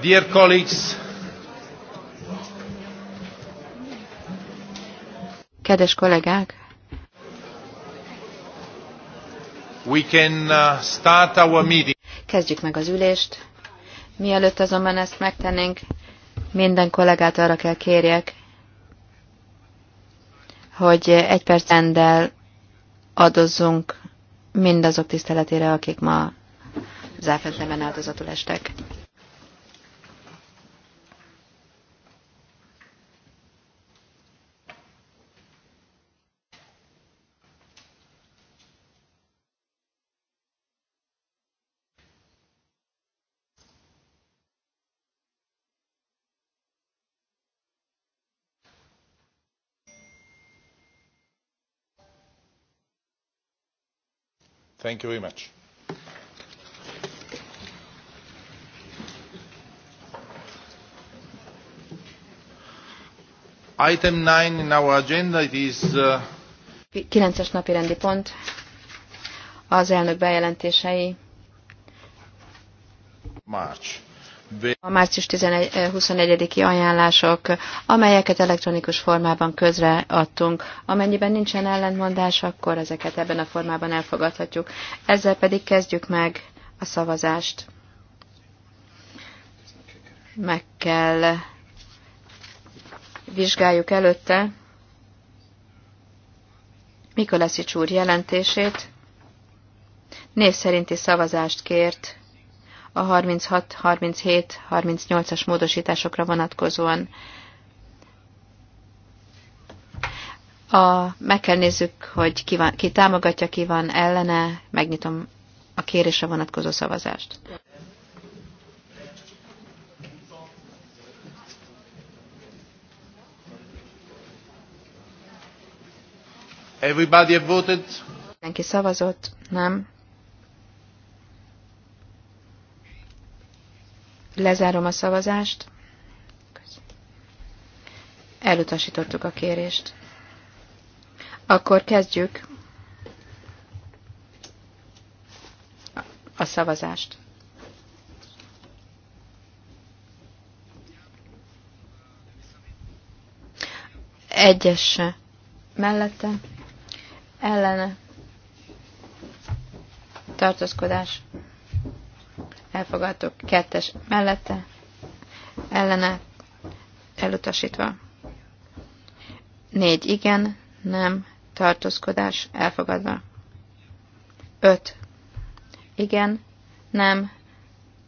Dear colleagues, Kedves kollégák, we can uh, start our meeting. Kezdjük meg az ülést. Mielőtt azonban ezt megtennénk, minden kollégát arra kell kérjek, hogy egy perc rendel adozzunk mindazok tiszteletére, akik ma Záfent neven áldozatul estek. thank you very much. Item 9 in our agenda it is... Uh... 9-es napi rendi pont. Az elnök bejelentései. March. A március 21-i eh, ajánlások, amelyeket elektronikus formában közreadtunk. Amennyiben nincsen ellentmondás, akkor ezeket ebben a formában elfogadhatjuk. Ezzel pedig kezdjük meg a szavazást. Meg kell vizsgáljuk előtte Mikolászics úr jelentését. Név szerinti szavazást kért a 36, 37, 38-as módosításokra vonatkozóan. A, meg kell nézzük, hogy ki, van, ki támogatja, ki van ellene. Megnyitom a kérésre vonatkozó szavazást. Everybody voted? Mindenki szavazott? Nem. Lezárom a szavazást. Elutasítottuk a kérést. Akkor kezdjük a szavazást. Egyes mellette ellene tartózkodás elfogadtuk kettes mellette ellene elutasítva négy igen nem tartózkodás elfogadva öt igen nem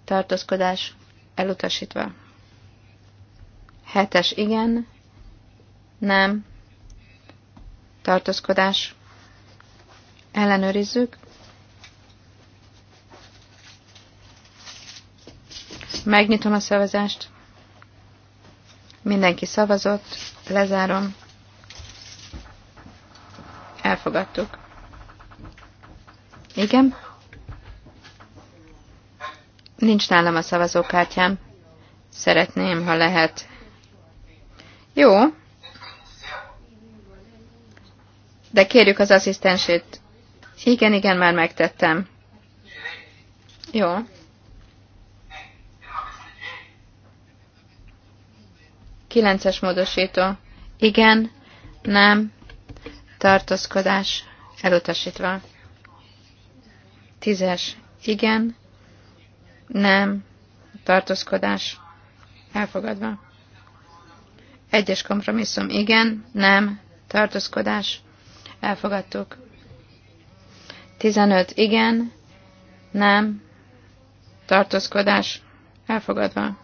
tartózkodás elutasítva hetes igen nem tartózkodás Ellenőrizzük. Megnyitom a szavazást. Mindenki szavazott. Lezárom. Elfogadtuk. Igen? Nincs nálam a szavazókártyám. Szeretném, ha lehet. Jó. De kérjük az asszisztensét, igen, igen, már megtettem. Jó. Kilences módosító. Igen, nem, tartózkodás, elutasítva. Tízes. Igen, nem, tartózkodás, elfogadva. Egyes kompromisszum. Igen, nem, tartózkodás, elfogadtuk. 15 igen, nem, tartózkodás, elfogadva.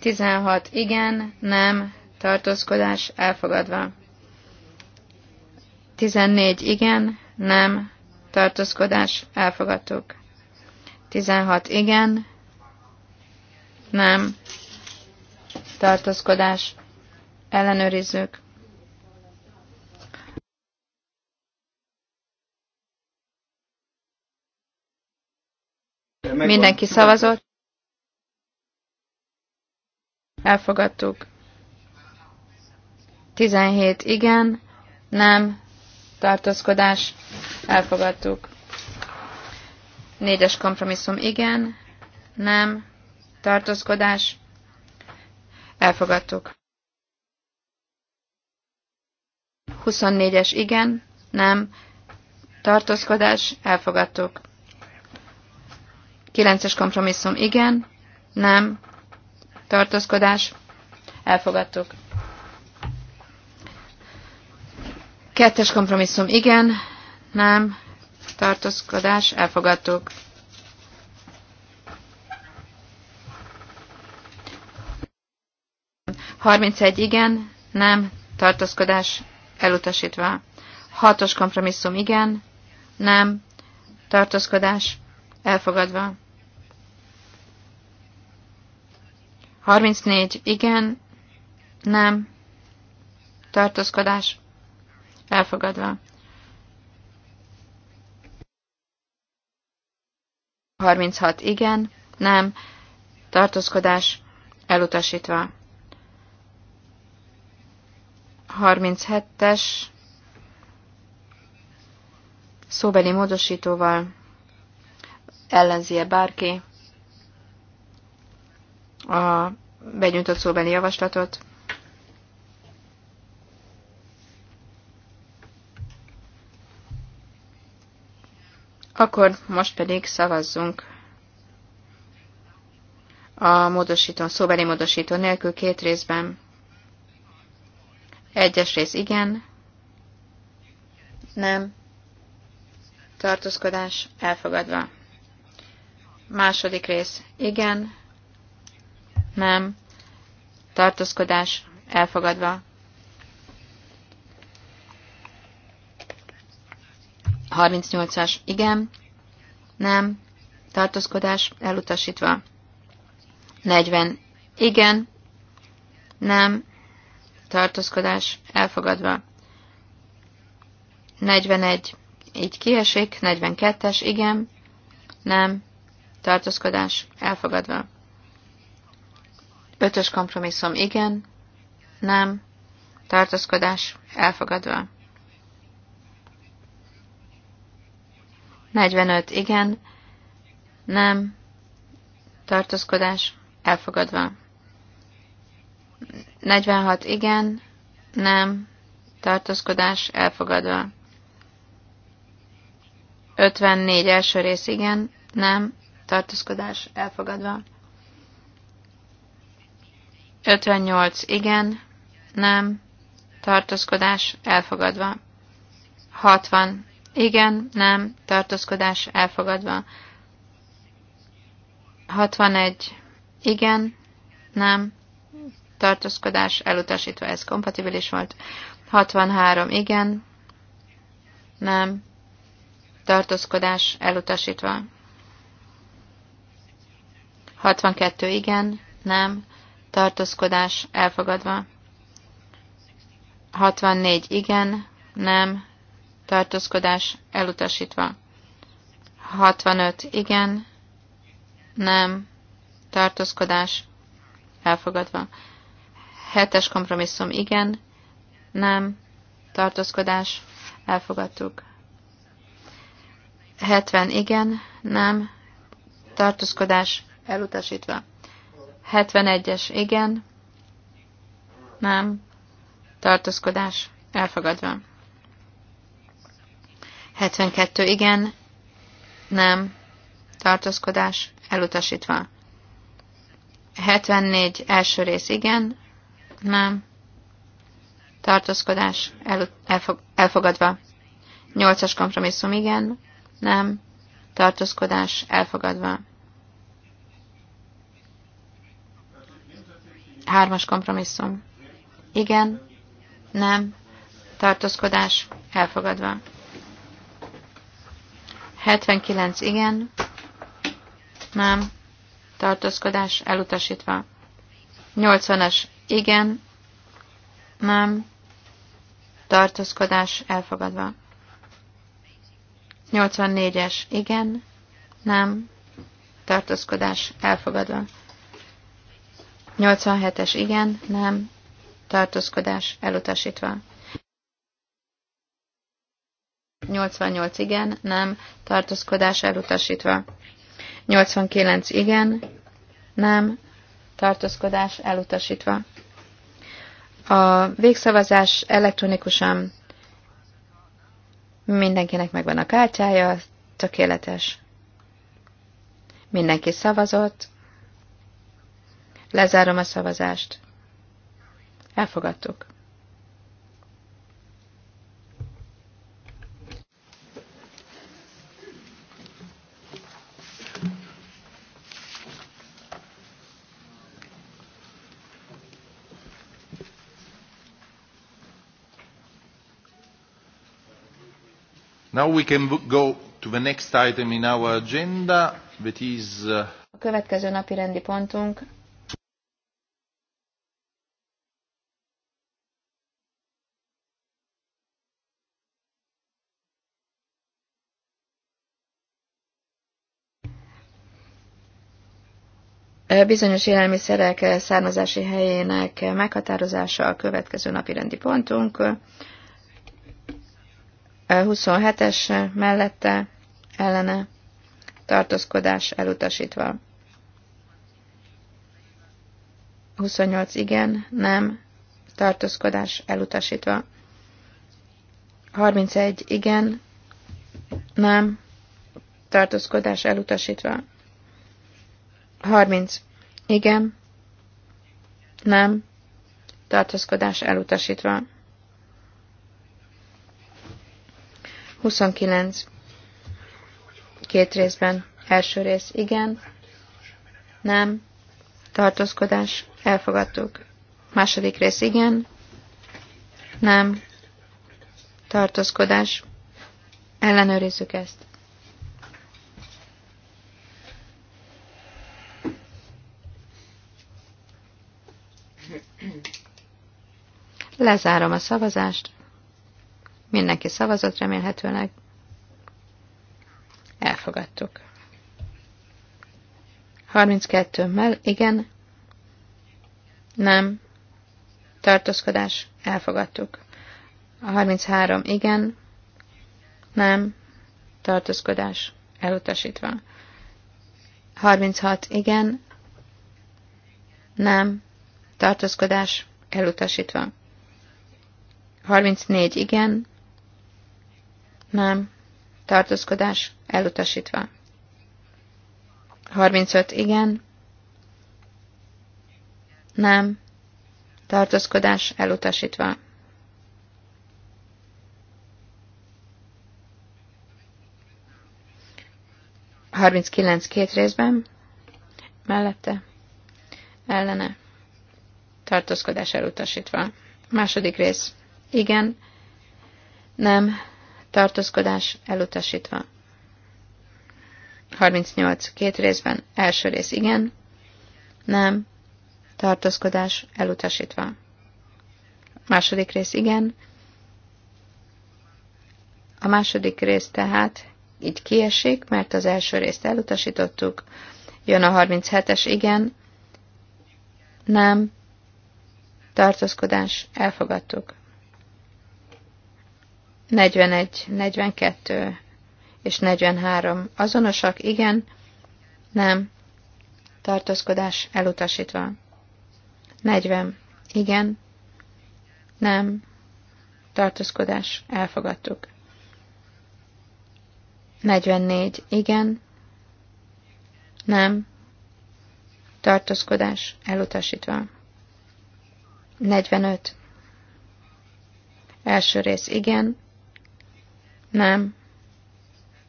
16 igen, nem, tartózkodás, elfogadva. 14 igen, nem, tartózkodás, elfogadtuk. 16 igen, nem, tartózkodás, ellenőrizzük. Mindenki szavazott. Elfogadtuk. 17 igen, nem, tartózkodás, elfogadtuk. Négyes kompromisszum igen, nem, tartózkodás, elfogadtuk. 24-es igen, nem, tartózkodás, elfogadtuk. Kilences kompromisszum igen, nem, tartózkodás, elfogadtuk. Kettes kompromisszum igen, nem, tartózkodás, elfogadtuk. Harmincegy igen, nem, tartózkodás, elutasítva. Hatos kompromisszum igen, nem, tartózkodás, elfogadva. 34. Igen. Nem. Tartózkodás. Elfogadva. 36. Igen. Nem. Tartózkodás. Elutasítva. 37-es. Szóbeli módosítóval. Ellenzi-e bárki? a benyújtott szóbeli javaslatot. Akkor most pedig szavazzunk a módosító, szóbeli módosító nélkül két részben. Egyes rész igen, nem, tartózkodás elfogadva. Második rész igen, nem. Tartózkodás elfogadva. 38-as. Igen. Nem. Tartózkodás elutasítva. 40. Igen. Nem. Tartózkodás elfogadva. 41. Így kiesik. 42-es. Igen. Nem. Tartózkodás elfogadva. Ötös kompromisszum igen, nem, tartózkodás elfogadva. 45 igen, nem, tartózkodás elfogadva. 46 igen, nem, tartózkodás elfogadva. 54 első rész igen, nem, tartózkodás elfogadva. 58. Igen, nem, tartózkodás elfogadva. 60. Igen, nem, tartózkodás elfogadva. 61. Igen, nem, tartózkodás elutasítva. Ez kompatibilis volt. 63. Igen, nem, tartózkodás elutasítva. 62. Igen, nem, tartózkodás elfogadva. 64 igen, nem, tartózkodás elutasítva. 65 igen, nem, tartózkodás elfogadva. 7-es kompromisszum igen, nem, tartózkodás elfogadtuk. 70 igen, nem, tartózkodás elutasítva. 71-es, igen. Nem. Tartózkodás. Elfogadva. 72, igen. Nem. Tartózkodás. Elutasítva. 74, első rész, igen. Nem. Tartózkodás. El, elfog, elfogadva. 8-as kompromisszum, igen. Nem. Tartózkodás. Elfogadva. Hármas kompromisszum. Igen, nem, tartózkodás, elfogadva. 79 igen, nem, tartózkodás, elutasítva. 80-as igen, nem, tartózkodás, elfogadva. 84-es igen, nem, tartózkodás, elfogadva. 87-es igen, nem, tartózkodás elutasítva. 88 igen, nem, tartózkodás elutasítva. 89 igen, nem, tartózkodás elutasítva. A végszavazás elektronikusan mindenkinek megvan a kártyája, tökéletes. Mindenki szavazott, Lezárom a szavazást. Elfogadtuk. Now we can go to the next item in our agenda, that is... Uh, A következő napi rendi pontunk bizonyos élelmiszerek származási helyének meghatározása a következő napi rendi pontunk. 27-es mellette ellene tartózkodás elutasítva. 28 igen, nem, tartózkodás elutasítva. 31 igen, nem, tartózkodás elutasítva. 30. Igen. Nem. Tartózkodás elutasítva. 29. Két részben. Első rész. Igen. Nem. Tartózkodás. Elfogadtuk. Második rész. Igen. Nem. Tartózkodás. Ellenőrizzük ezt. Lezárom a szavazást. Mindenki szavazott remélhetőleg. Elfogadtuk. 32 mell, igen. Nem. Tartózkodás, elfogadtuk. 33, igen. Nem. Tartózkodás, elutasítva. 36, igen. Nem. Tartózkodás, elutasítva. 34 igen, nem, tartózkodás elutasítva. 35 igen, nem, tartózkodás elutasítva. 39 két részben, mellette, ellene, tartózkodás elutasítva. Második rész, igen, nem, tartózkodás elutasítva. 38. Két részben. Első rész igen, nem, tartózkodás elutasítva. Második rész igen. A második rész tehát így kiesik, mert az első részt elutasítottuk. Jön a 37-es igen, nem, tartózkodás, elfogadtuk. 41, 42 és 43 azonosak, igen, nem, tartózkodás elutasítva. 40, igen, nem, tartózkodás elfogadtuk. 44, igen, nem, tartózkodás elutasítva. 45, első rész, igen, nem.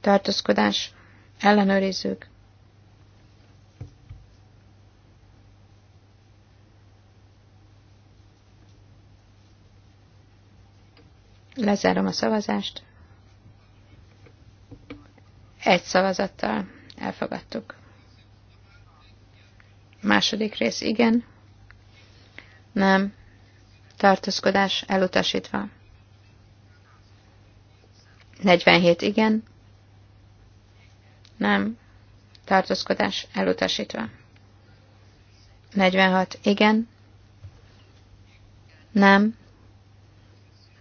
Tartózkodás. Ellenőrizzük. Lezárom a szavazást. Egy szavazattal elfogadtuk. Második rész igen. Nem. Tartózkodás elutasítva. 47 igen. Nem. Tartózkodás elutasítva. 46 igen. Nem.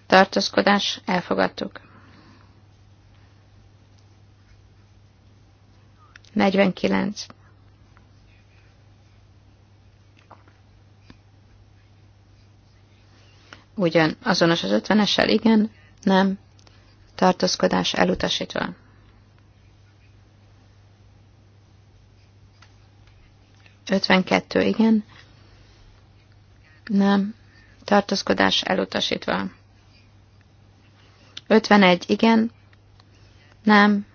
Tartózkodás elfogadtuk. 49. Ugyan azonos az 50-es 50-essel, igen, nem, tartózkodás elutasítva. Ötvenkettő, igen. Nem. Tartózkodás elutasítva. 51, igen. Nem.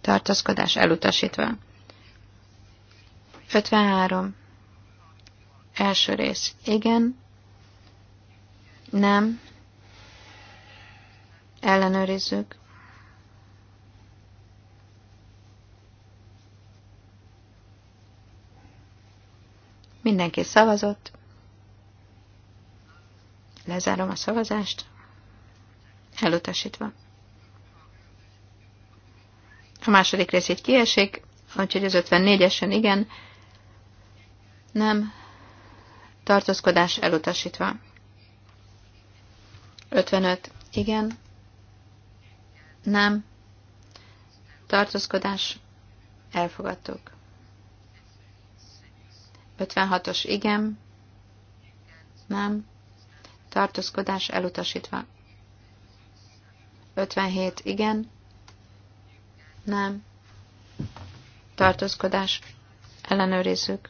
Tartózkodás elutasítva. 53. Első rész. Igen. Nem. Ellenőrizzük. Mindenki szavazott. Lezárom a szavazást. Elutasítva. A második rész így kiesik, úgyhogy az 54-esen igen, nem, tartózkodás elutasítva. 55. Igen. Nem. Tartózkodás. Elfogadtuk. 56-os. Igen. Nem. Tartózkodás elutasítva. 57. Igen. Nem. Tartózkodás. Ellenőrizzük.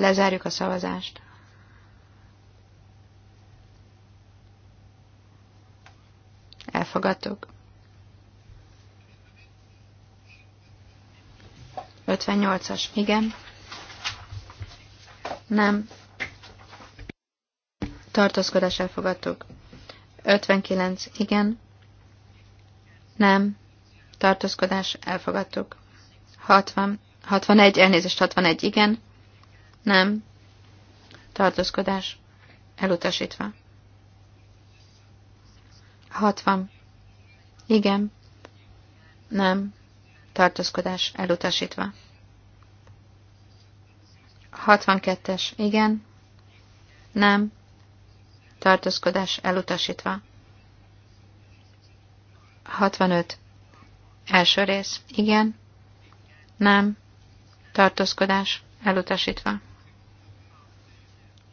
Lezárjuk a szavazást. Elfogadtuk. 58-as, igen. Nem. Tartózkodás elfogadtuk. 59, igen. Nem. Tartózkodás elfogadtuk. 60, 61, elnézést, 61, igen. Nem. Tartózkodás. Elutasítva. 60. Igen. Nem. Tartózkodás. Elutasítva. 62-es. Igen. Nem. Tartózkodás. Elutasítva. 65. Első rész. Igen. Nem. Tartózkodás. Elutasítva.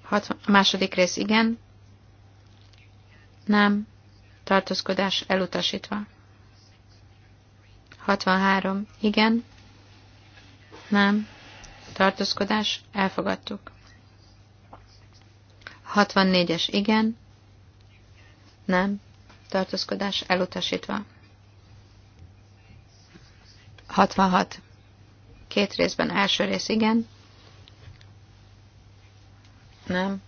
60, a második rész igen, nem, tartózkodás elutasítva. 63. Igen, nem, tartózkodás elfogadtuk. 64-es. Igen, nem, tartózkodás elutasítva. 66. Két részben első rész igen, nem.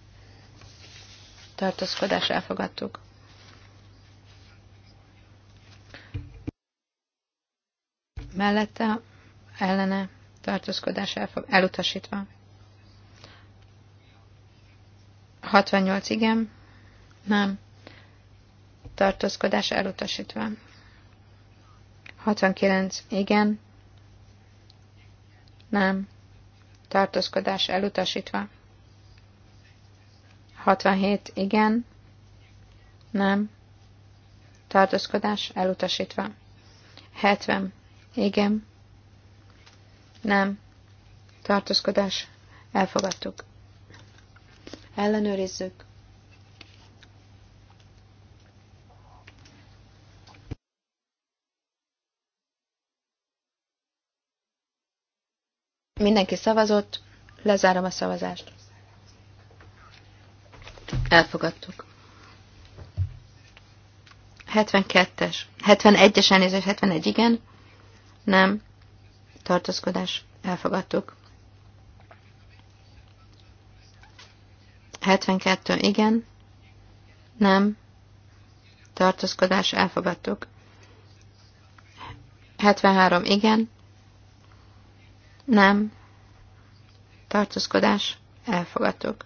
Tartózkodás elfogadtuk. Mellette, ellene, tartózkodás elfogadtuk. elutasítva. 68 igen, nem. Tartózkodás elutasítva. 69 igen, nem. Tartózkodás elutasítva. 67 igen, nem, tartózkodás elutasítva. 70 igen, nem, tartózkodás elfogadtuk. Ellenőrizzük. Mindenki szavazott, lezárom a szavazást. Elfogadtuk. 72-es. 71-es elnézés, 71 igen. Nem. Tartózkodás. Elfogadtuk. 72 igen. Nem. Tartózkodás. Elfogadtuk. 73 igen. Nem. Tartózkodás. Elfogadtuk.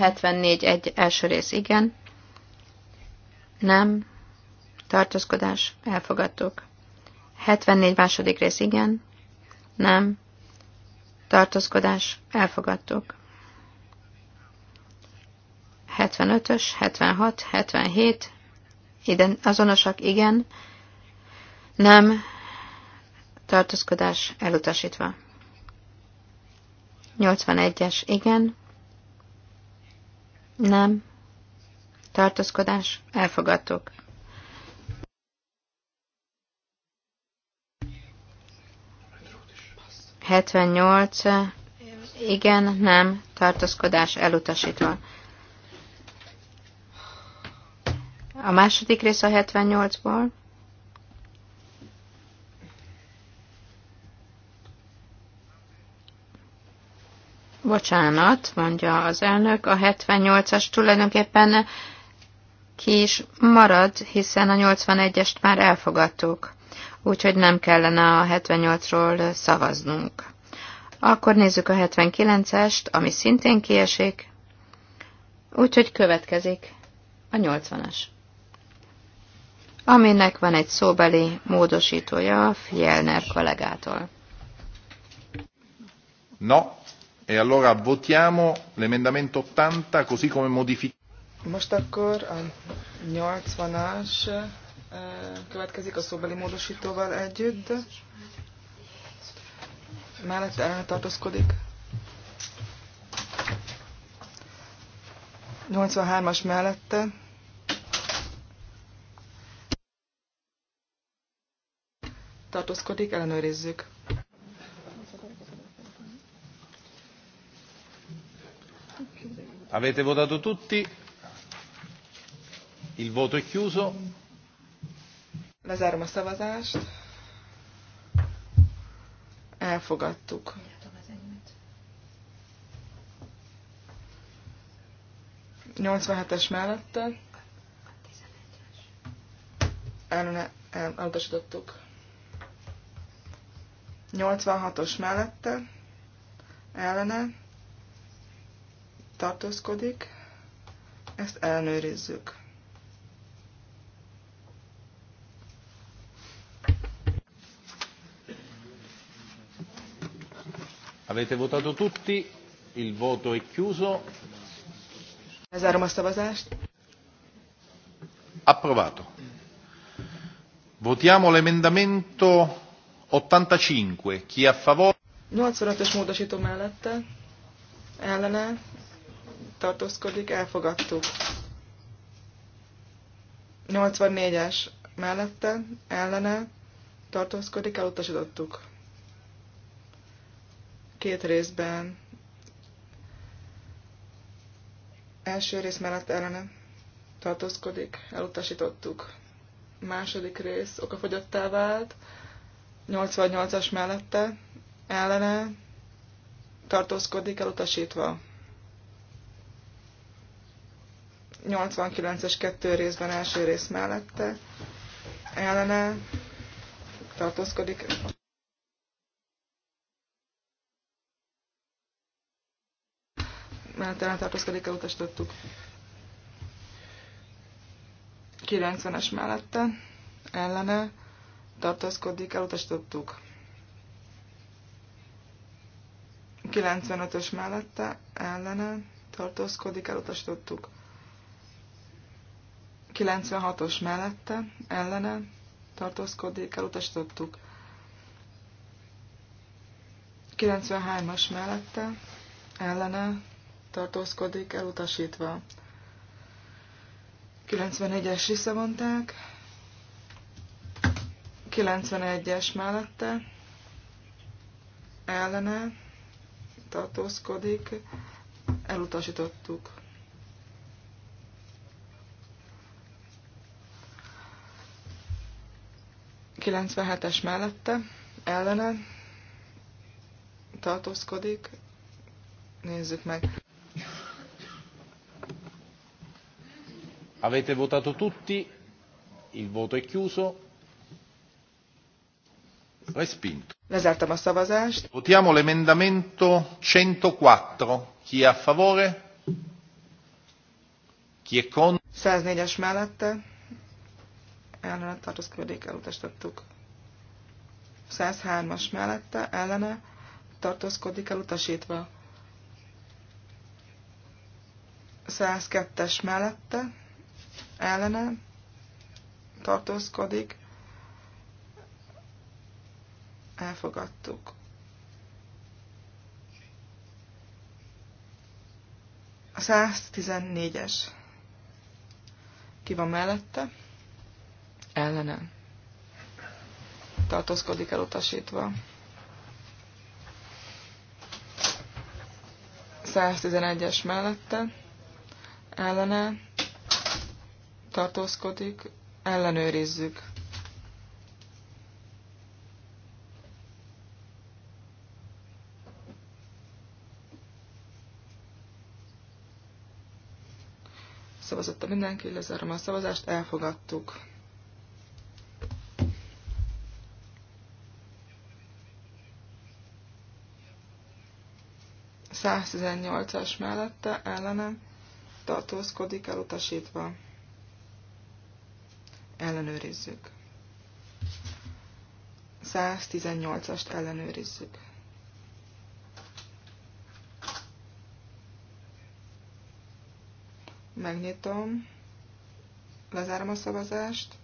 74 egy első rész igen. Nem. Tartózkodás. Elfogadtuk. 74 második rész igen. Nem. Tartózkodás. Elfogadtuk. 75-ös, 76, 77. Iden, azonosak igen. Nem. Tartózkodás elutasítva. 81-es igen. Nem. Tartózkodás. Elfogadtuk. Hetvennyolc. Igen, nem. Tartózkodás elutasítva. A második rész a 78-ból. Bocsánat, mondja az elnök, a 78-as tulajdonképpen ki is marad, hiszen a 81-est már elfogadtuk, úgyhogy nem kellene a 78-ról szavaznunk. Akkor nézzük a 79-est, ami szintén kiesik, úgyhogy következik a 80-as, aminek van egy szóbeli módosítója a Fjellner kollégától. No, E allora votiamo l'emendamento 80 così come modificato. Most akkor a 80-as eh, következik a szóbeli módosítóval együtt. Mellett ellen tartózkodik. 83-as mellette. Tartózkodik, ellenőrizzük. Avete votato tutti? Il voto è chiuso. Lezárom a szavazást. Elfogadtuk. es mellette. El, elutasítottuk. Nyolcvanhatos mellette. Ellene tartózkodik, ezt ellenőrizzük. Avete votato tutti, il voto è chiuso. Approvato. Votiamo l'emendamento 85. Chi è a favore? 85-ös módosító mellette. Ellene tartózkodik, elfogadtuk. 84-es mellette, ellene tartózkodik, elutasítottuk. Két részben. Első rész mellett ellene tartózkodik, elutasítottuk. Második rész okafogyottá vált. 88-as mellette ellene tartózkodik, elutasítva. 89-es kettő részben első rész mellette ellene tartózkodik. Mert ellen tartózkodik, elutasítottuk. 90-es mellette ellene tartózkodik, elutasítottuk. 95-ös mellette ellene tartózkodik, elutasítottuk. 96-os mellette, ellene tartózkodik, elutasítottuk. 93-as mellette, ellene tartózkodik, elutasítva. 91-es visszavonták, 91-es mellette, ellene tartózkodik, elutasítottuk. 97-es mellette ellene tartózkodik. Nézzük meg. Avete votato tutti? Il voto è chiuso. Respinto. Lezártam a szavazást. Votiamo l'emendamento 104. Chi è a favore? Chi è contro? 104-es mellette ellene tartózkodik, elutasítottuk. 103-as mellette ellene tartózkodik, elutasítva. 102-es mellette ellene tartózkodik, elfogadtuk. A 114-es. Ki van mellette? ellene tartózkodik elutasítva. 111-es mellette ellene tartózkodik, ellenőrizzük. Szavazott a mindenki, lezárom a szavazást, elfogadtuk. 118-as mellette ellene tartózkodik elutasítva. Ellenőrizzük. 118-ast ellenőrizzük. Megnyitom, lezárom a szavazást,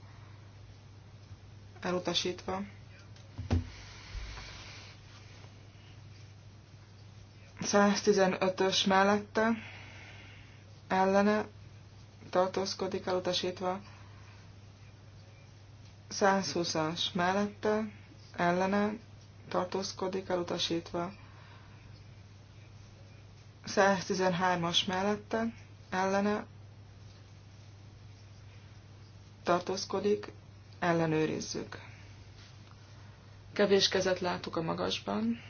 elutasítva. 115-ös mellette ellene tartózkodik elutasítva, 120-as mellette ellene tartózkodik elutasítva, 113-as mellette ellene tartózkodik, ellenőrizzük. Kevés kezet látok a magasban.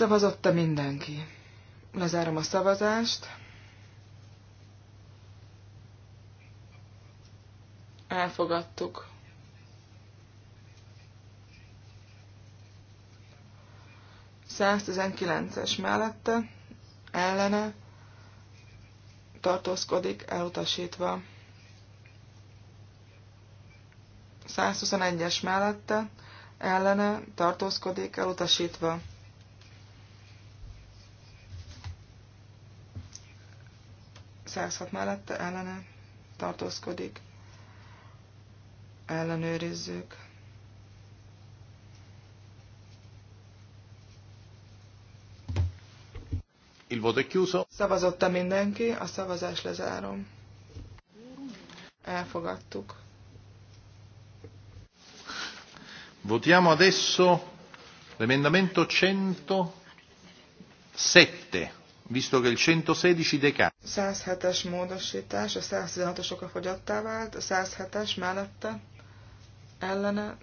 a mindenki. Lezárom a szavazást. Elfogadtuk. es mellette, ellene, tartózkodik, elutasítva. 121-es mellette, ellene, tartózkodik, elutasítva. 106 mellette ellene tartózkodik. Ellenőrizzük. Il voto è chiuso. Szavazotta mindenki, a szavazás lezárom. Elfogadtuk. Votiamo adesso l'emendamento 107 visto che il 116 decade. 107-es módosítás, a 116-os oka fogyattá vált, a 107-es mellette ellene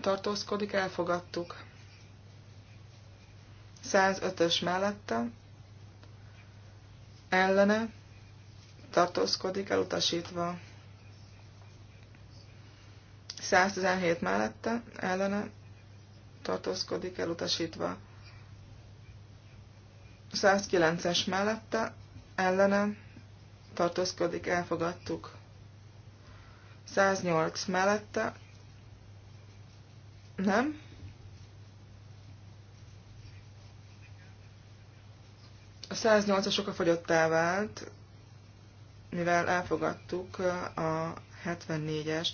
tartózkodik, elfogadtuk. 105-ös mellette ellene tartózkodik, elutasítva. 117 mellette ellene tartózkodik, elutasítva. 109-es mellette ellene tartózkodik, elfogadtuk. 108 mellette nem. A 108-asok a fogyottá vált, mivel elfogadtuk a 74-est.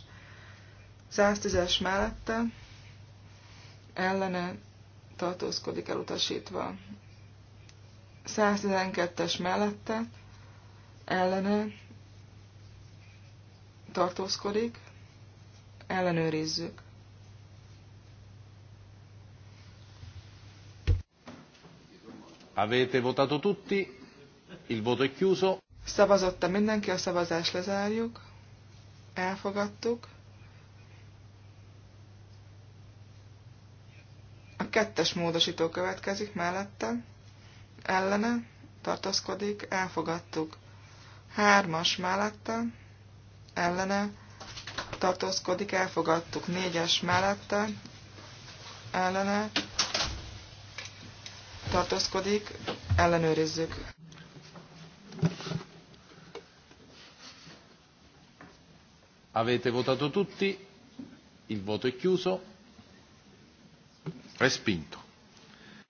110-es mellette ellene tartózkodik elutasítva. 112-es mellette ellene tartózkodik, ellenőrizzük. Avete votato tutti, il voto è chiuso. Szavazotta mindenki, a szavazást lezárjuk. Elfogadtuk. A kettes módosító következik mellette ellene tartozkodik. elfogadtuk. Hármas mellette ellene tartózkodik, elfogadtuk. Négyes mellette ellene tartózkodik, ellenőrizzük. Avete votato tutti? Il voto è chiuso. Respinto.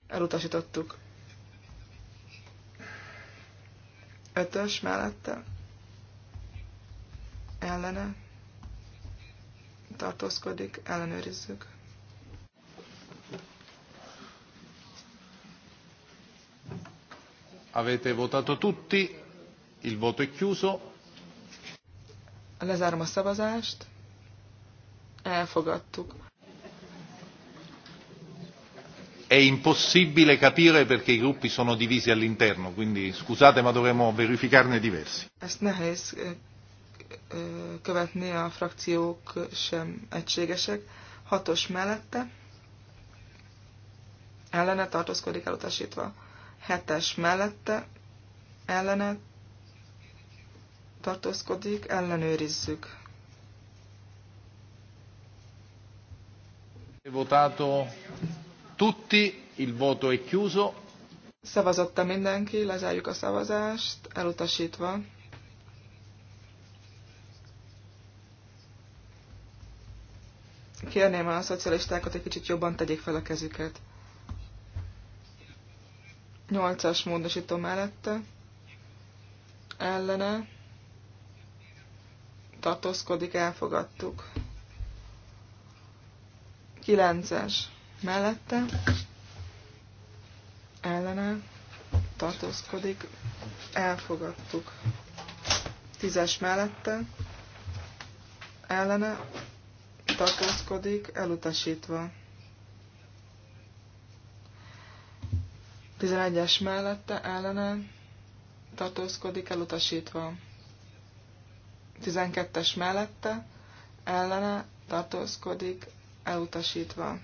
Elutasítottuk. Ötös mellette ellene tartózkodik, ellenőrizzük. Avete votato tutti, il voto è chiuso. Lezárom a szavazást. Elfogadtuk è impossibile capire perché i gruppi sono divisi all'interno, quindi scusate ma dovremmo verificarne diversi. Eh, eh, követni, a frakciók sem egységesek. Hatos mellette ellene tartózkodik elutasítva. Hetes mellette ellene tartózkodik, ellenőrizzük. Votato tutti, il voto è chiuso. Szavazotta mindenki, lezárjuk a szavazást, elutasítva. Kérném a szocialistákat, egy kicsit jobban tegyék fel a kezüket. Nyolcas as módosító mellette, ellene, tartózkodik, elfogadtuk. 9 mellette ellene tartózkodik, elfogadtuk. Tízes mellette ellene tartózkodik, elutasítva. Tizenegyes mellette ellene tartózkodik, elutasítva. Tizenkettes mellette ellene tartózkodik, elutasítva.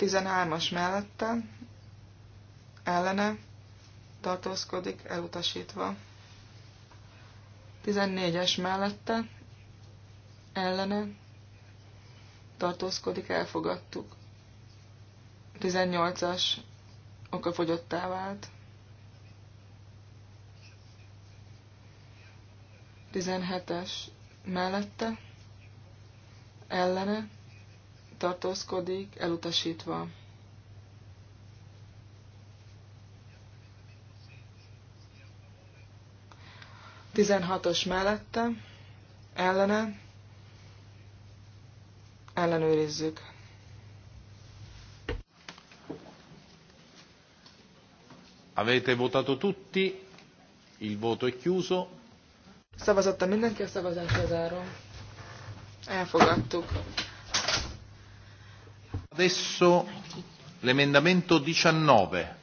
13-as mellette ellene tartózkodik elutasítva. 14-es mellette ellene tartózkodik elfogadtuk. 18-as okafogyottá vált. 17-es mellette ellene tartózkodik, elutasítva. Tizenhatos mellette, ellene, ellenőrizzük. Avete votato tutti, il voto è chiuso. Szavazotta mindenki, a szavazásra. lezárom. Elfogadtuk adesso l'emendamento 19.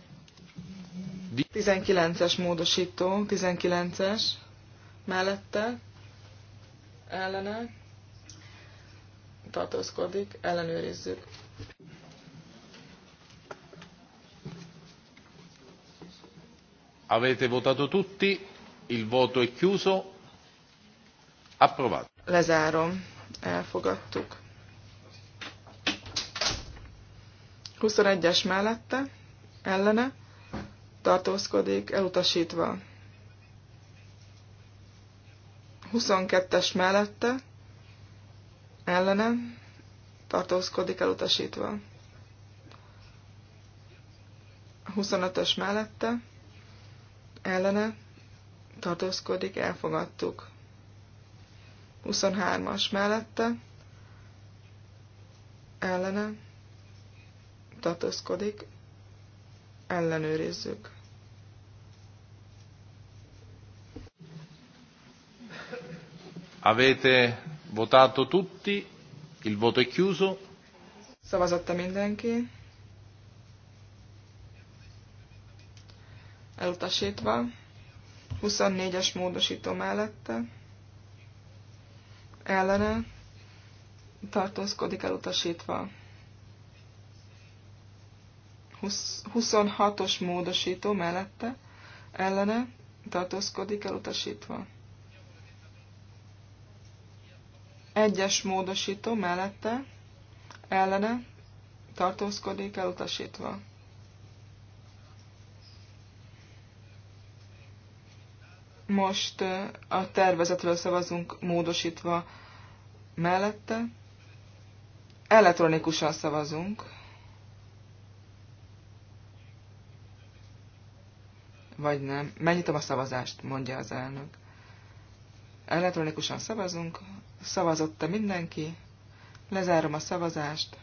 19-es módosító, 19-es, mellette, ellene, tartózkodik, ellenőrizzük. Avete votato tutti, il voto è chiuso, approvato. Lezárom, elfogadtuk. 21-es mellette, ellene, tartózkodik, elutasítva. 22-es mellette, ellene, tartózkodik, elutasítva. 25-ös mellette, ellene, tartózkodik, elfogadtuk. 23-as mellette, ellene, tartózkodik, ellenőrizzük. Avete votato tutti, il voto è chiuso. Szavazotta mindenki. Elutasítva. 24-es módosító mellette. Ellene. Tartózkodik elutasítva. 26-os módosító mellette ellene tartózkodik elutasítva. Egyes módosító mellette ellene tartózkodik elutasítva. Most a tervezetről szavazunk módosítva mellette. Elektronikusan szavazunk. vagy nem. Megnyitom a szavazást, mondja az elnök. Elektronikusan szavazunk. Szavazott-e mindenki? Lezárom a szavazást.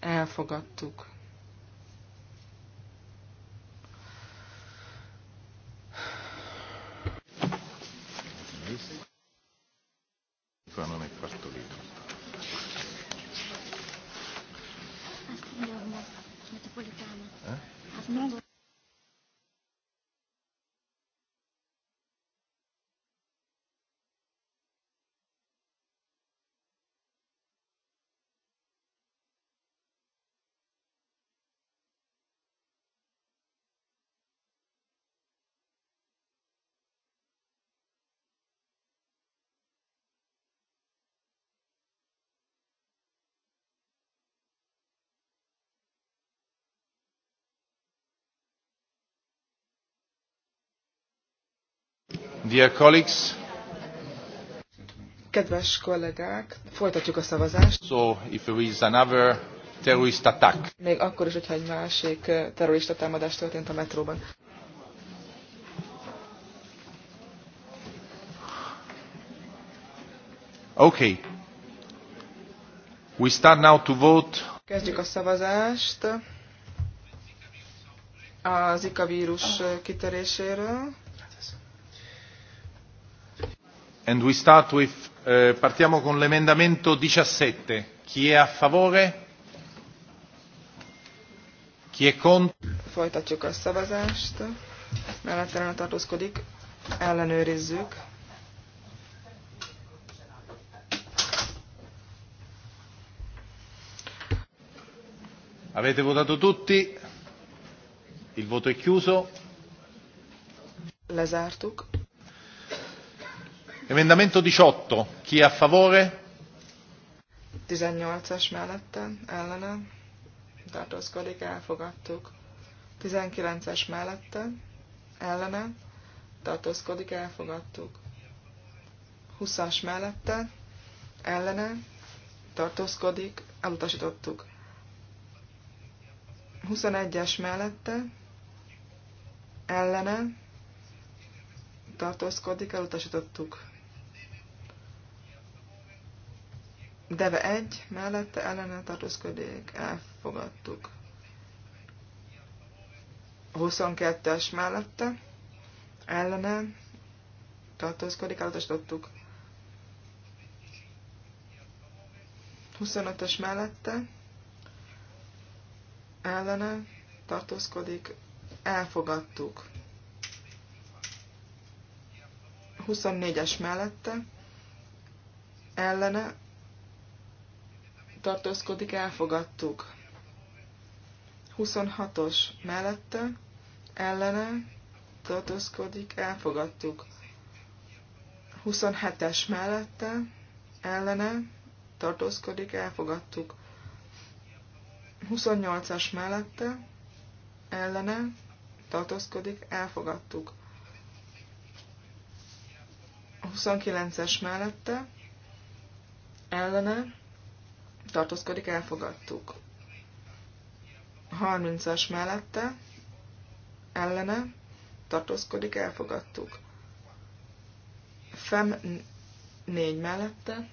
Elfogadtuk. Dear colleagues, Kedves kollégák, folytatjuk a szavazást. So, if there is another terrorist attack. Még akkor is, hogyha egy másik eh, terrorista támadás történt a metróban. Okay. We start now to vote. Kezdjük a szavazást az Zika vírus eh, kitöréséről. And we start with, eh, partiamo con l'emendamento 17. Chi è a favore? chi è contro? Folytatjuk a szavazást. Mellettelen tartózkodik. Ellenőrizzük. Avete votato tutti? Il voto è chiuso. Lezártuk. Emendamento 18. Chi è a favore? 18-as mellette, ellene. Tartózkodik, elfogadtuk. 19-es mellette, ellene. Tartózkodik, elfogadtuk. 20-as mellette, ellene. Tartózkodik, elutasítottuk. 21-es mellette, ellene tartózkodik, elutasítottuk. Deve 1, mellette ellene tartózkodik, elfogadtuk. 22-es mellette ellene tartózkodik, elutasítottuk. 25-ös mellette ellene tartózkodik, elfogadtuk. 24-es mellette ellene tartózkodik, elfogadtuk. 26-os mellette, ellene, tartózkodik, elfogadtuk. 27-es mellette, ellene, tartózkodik, elfogadtuk. 28-as mellette, ellene, tartózkodik, elfogadtuk. 29-es mellette, ellene, tartózkodik, elfogadtuk. 30-as mellette, ellene, tartózkodik, elfogadtuk. Fem 4 mellette,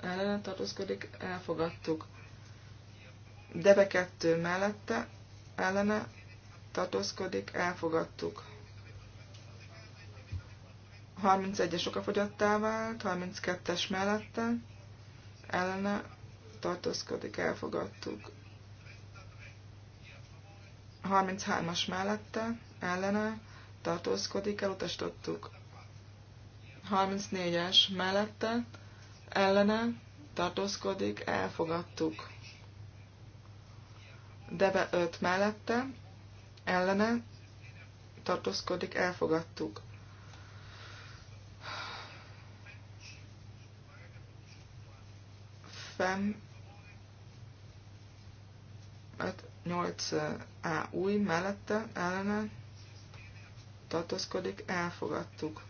ellene tartózkodik, elfogadtuk. Debe 2 mellette, ellene tartózkodik, elfogadtuk. 31-es okafogyattá vált, 32-es mellette, ellene tartózkodik, elfogadtuk. 33-as mellette, ellene tartózkodik, elutasítottuk. 34-es mellette, ellene tartózkodik, elfogadtuk. Debe 5 mellette, ellene tartózkodik, elfogadtuk. 50 5-8A hát új mellette ellene tartozkodik, elfogadtuk.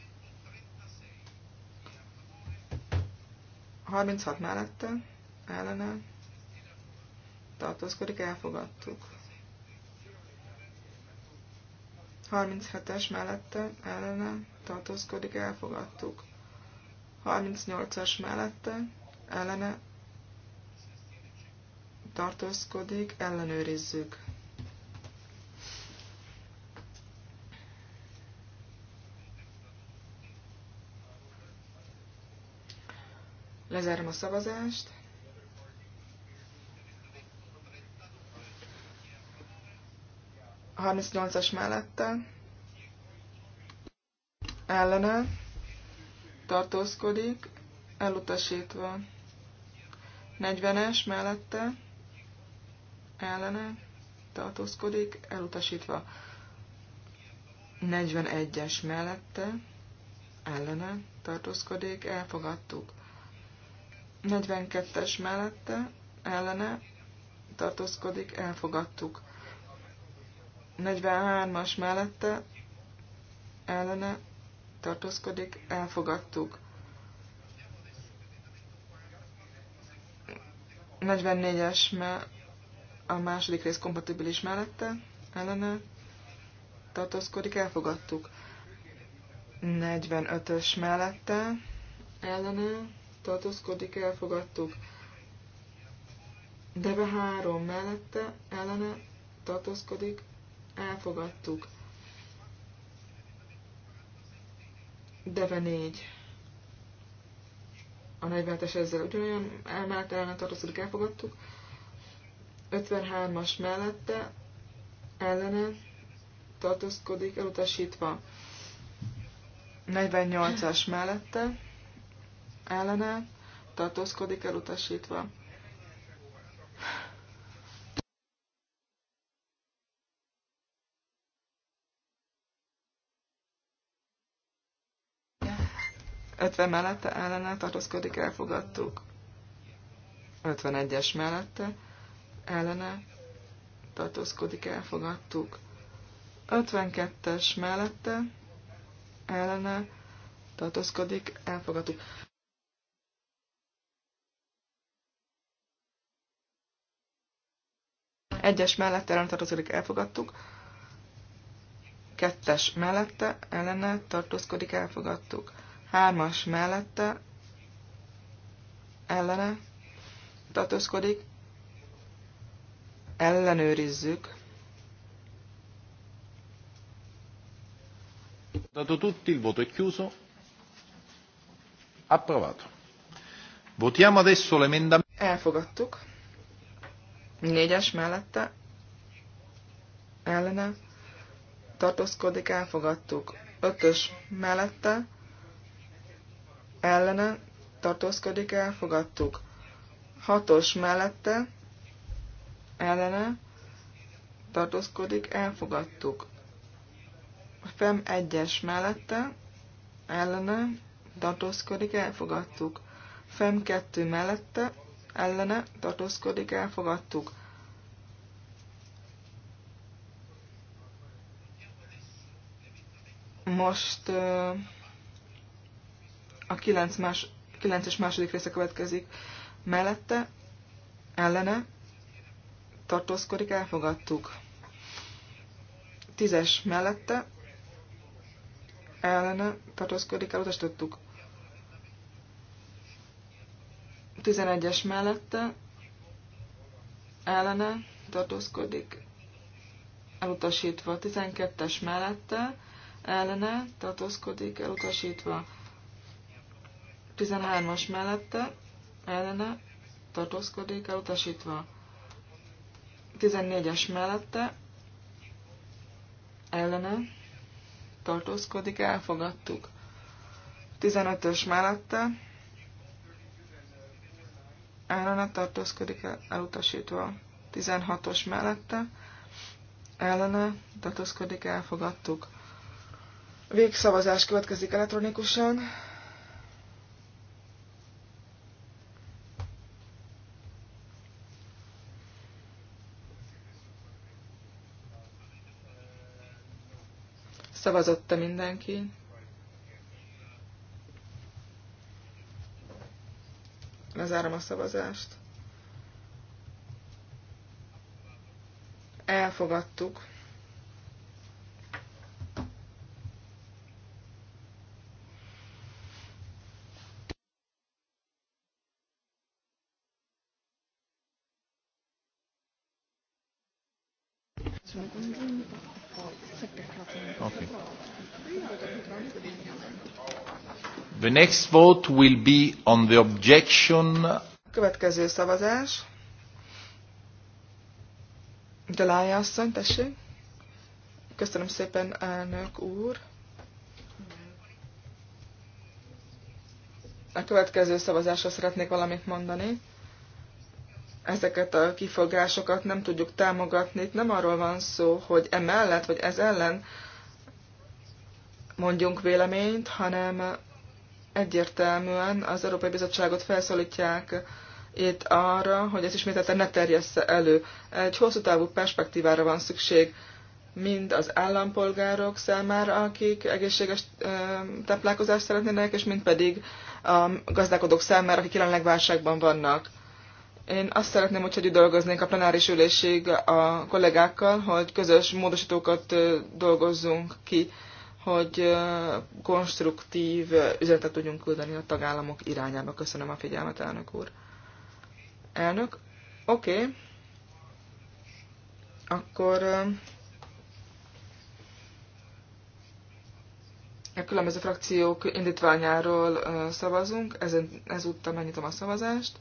36 mellette ellene tartózkodik, elfogadtuk. 37-es mellette ellene tartózkodik, elfogadtuk. 38-as mellette ellene tartózkodik, ellenőrizzük. Lezárom a szavazást. A 38-as mellette ellene tartózkodik, elutasítva. 40-es mellette ellene tartózkodik, elutasítva 41-es mellette ellene tartózkodik, elfogadtuk. 42-es mellette ellene tartózkodik, elfogadtuk. 43-as mellette ellene tartózkodik, elfogadtuk. 44-es a második rész kompatibilis mellette, ellene tartózkodik, elfogadtuk. 45-ös mellette, ellene tartózkodik, elfogadtuk. Deve 3 mellette, ellene tartózkodik, elfogadtuk. Deve 4. A 47-es ezzel ugyanolyan elmellett ellene tartózkodik, elfogadtuk. 53-as mellette ellene tartózkodik elutasítva. 48-as mellette ellene tartózkodik elutasítva. Ötven mellette ellene tartózkodik, elfogadtuk. 51-es mellette ellene tartózkodik, elfogadtuk. 52-es mellette ellene tartózkodik, elfogadtuk. Egyes mellette ellen tartózkodik, elfogadtuk. Kettes mellette ellene tartózkodik, elfogadtuk. Hármas mellette ellene tartózkodik, ellenőrizzük. Dato tutti, il voto è chiuso. Approvato. Votiamo adesso l'emendamento. Elfogadtuk. Négyes mellette. Ellene. Tartózkodik, elfogadtuk. Ötös mellette. Ellene. Tartózkodik, elfogadtuk. Hatos mellette ellene tartózkodik, elfogadtuk. Fem 1-es mellette ellene tartózkodik, elfogadtuk. Fem 2 mellette ellene tartózkodik, elfogadtuk. Most a 9 más, 9 második része következik mellette, ellene tartózkodik, elfogadtuk. Tízes mellette ellene tartózkodik, elutasítottuk. Tizenegyes mellette ellene tartózkodik, elutasítva. Tizenkettes mellette ellene tartózkodik, elutasítva. 13-as mellette ellene tartózkodik, elutasítva. 14-es mellette ellene tartózkodik, elfogadtuk. 15-ös mellette ellene tartózkodik, elutasítva. 16-os mellette ellene tartózkodik, elfogadtuk. Végszavazás következik elektronikusan. Szavazott-e mindenki? Lezárom a szavazást. Elfogadtuk. The next vote will be on the objection. A következő szavazás. Delája asszony, tessék. Köszönöm szépen, elnök úr. A következő szavazásra szeretnék valamit mondani. Ezeket a kifogásokat nem tudjuk támogatni. Itt nem arról van szó, hogy emellett vagy ez ellen mondjunk véleményt, hanem egyértelműen az Európai Bizottságot felszólítják itt arra, hogy ezt ismételten ne terjessze elő. Egy hosszú távú perspektívára van szükség mind az állampolgárok számára, akik egészséges táplálkozást szeretnének, és mind pedig a gazdálkodók számára, akik jelenleg válságban vannak. Én azt szeretném, hogy együtt dolgoznénk a plenáris ülésig a kollégákkal, hogy közös módosítókat dolgozzunk ki hogy konstruktív üzenetet tudjunk küldeni a tagállamok irányába. Köszönöm a figyelmet, elnök úr. Elnök, oké. Okay. Akkor a különböző frakciók indítványáról szavazunk. Ezen, ezúttal megnyitom a szavazást.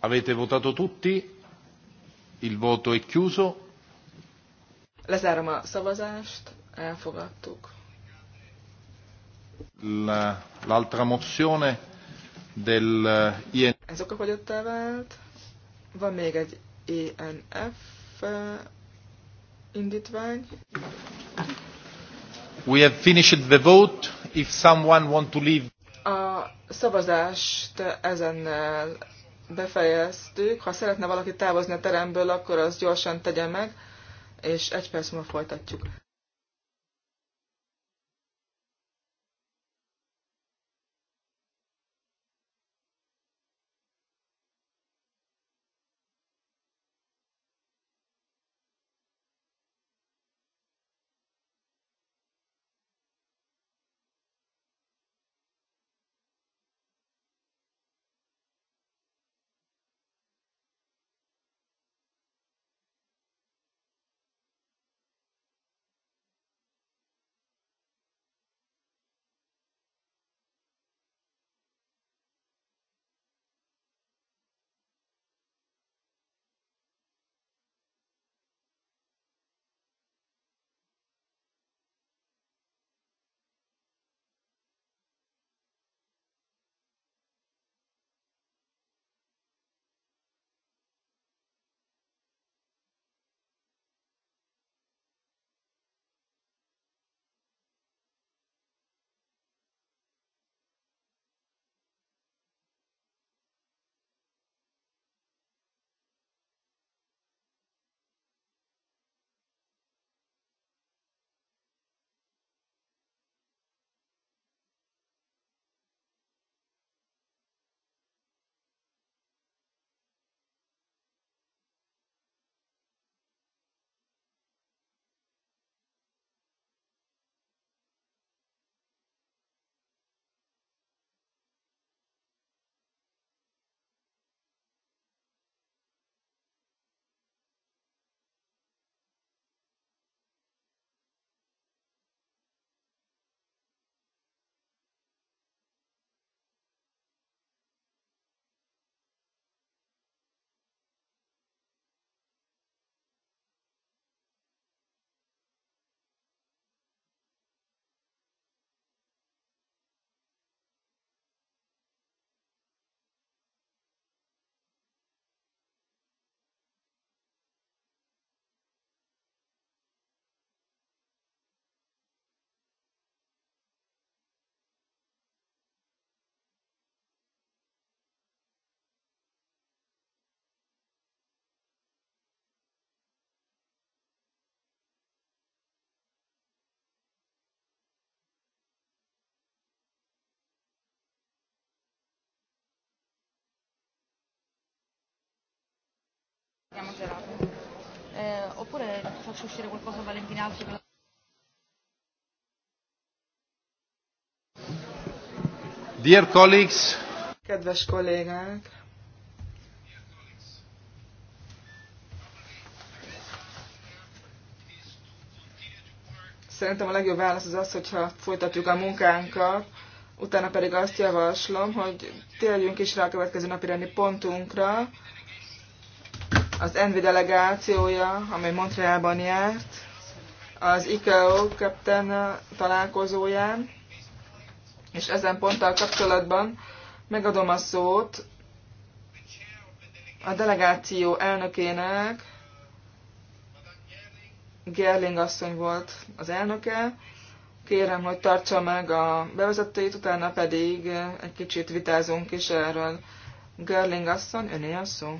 Avete votato tutti? Il voto è chiuso. Lezárom a szavazást, elfogadtuk. L'altra La, mozione del eh, INF. Ez okafogyottá vált. Van még egy ENF eh, indítvány. We have finished the vote. If someone want to leave. A szavazást ezen befejeztük. Ha szeretne valaki távozni a teremből, akkor az gyorsan tegye meg, és egy perc múlva folytatjuk. Siamo gelati. Eh, oppure faccio uscire qualcosa a Valentina Alci Per... la... Dear colleagues. Kedves kollégák. Szerintem a legjobb válasz az az, hogyha folytatjuk a munkánkat, utána pedig azt javaslom, hogy térjünk is rá a következő napi rendi pontunkra, az Envi delegációja, amely Montrealban járt, az ICAO kapten találkozóján, és ezen ponttal kapcsolatban megadom a szót a delegáció elnökének, Gerling asszony volt az elnöke. Kérem, hogy tartsa meg a bevezetőjét, utána pedig egy kicsit vitázunk is erről. Gerling asszony, öné a szó.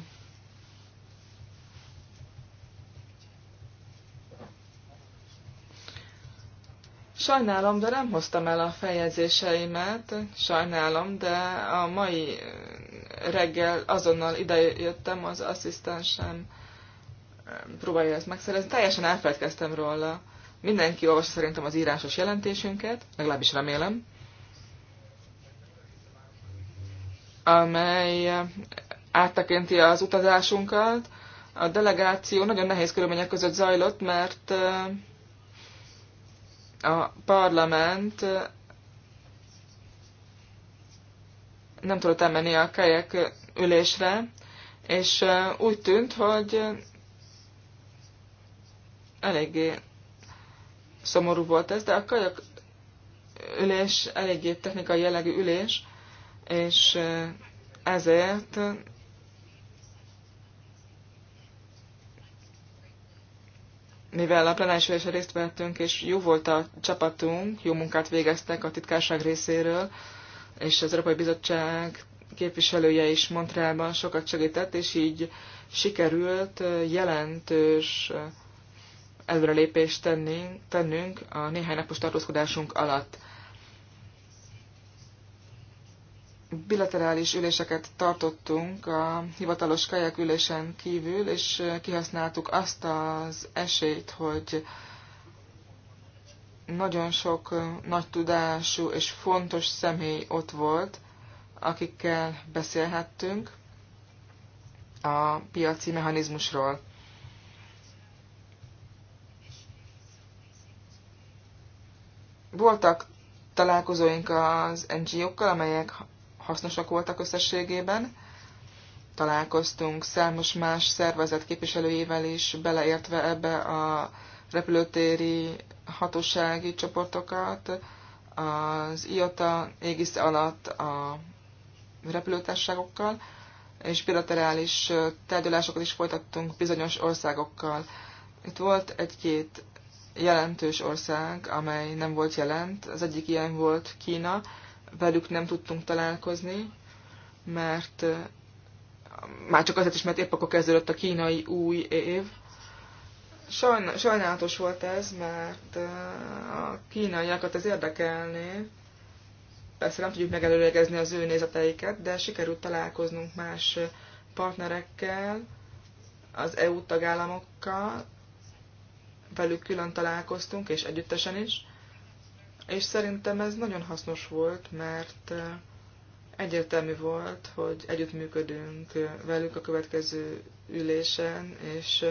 Sajnálom, de nem hoztam el a feljegyzéseimet, sajnálom, de a mai reggel azonnal idejöttem, az asszisztensem próbálja ezt megszerezni. Teljesen elfeledkeztem róla. Mindenki olvas szerintem az írásos jelentésünket, legalábbis remélem, amely áttekinti az utazásunkat. A delegáció nagyon nehéz körülmények között zajlott, mert a parlament nem tudott elmenni a kelyek ülésre, és úgy tűnt, hogy eléggé szomorú volt ez, de a kajak ülés eléggé technikai jellegű ülés, és ezért mivel a plenáris részt vettünk, és jó volt a csapatunk, jó munkát végeztek a titkárság részéről, és az Európai Bizottság képviselője is Montrealban sokat segített, és így sikerült jelentős előrelépést tenni, tennünk a néhány napos tartózkodásunk alatt. bilaterális üléseket tartottunk a hivatalos kajak ülésen kívül, és kihasználtuk azt az esélyt, hogy nagyon sok nagy tudású és fontos személy ott volt, akikkel beszélhettünk a piaci mechanizmusról. Voltak találkozóink az NGO-kkal, amelyek hasznosak voltak összességében. Találkoztunk számos más szervezet képviselőjével is, beleértve ebbe a repülőtéri hatósági csoportokat, az IOTA égisze alatt a repülőtárságokkal, és bilaterális tárgyalásokat is folytattunk bizonyos országokkal. Itt volt egy-két jelentős ország, amely nem volt jelent. Az egyik ilyen volt Kína, velük nem tudtunk találkozni, mert már csak azért is, mert épp akkor kezdődött a kínai új év. Sajna, sajnálatos volt ez, mert a kínaiakat ez érdekelné. Persze nem tudjuk megelőlegezni az ő nézeteiket, de sikerült találkoznunk más partnerekkel, az EU tagállamokkal, velük külön találkoztunk, és együttesen is. És szerintem ez nagyon hasznos volt, mert egyértelmű volt, hogy együttműködünk velük a következő ülésen, és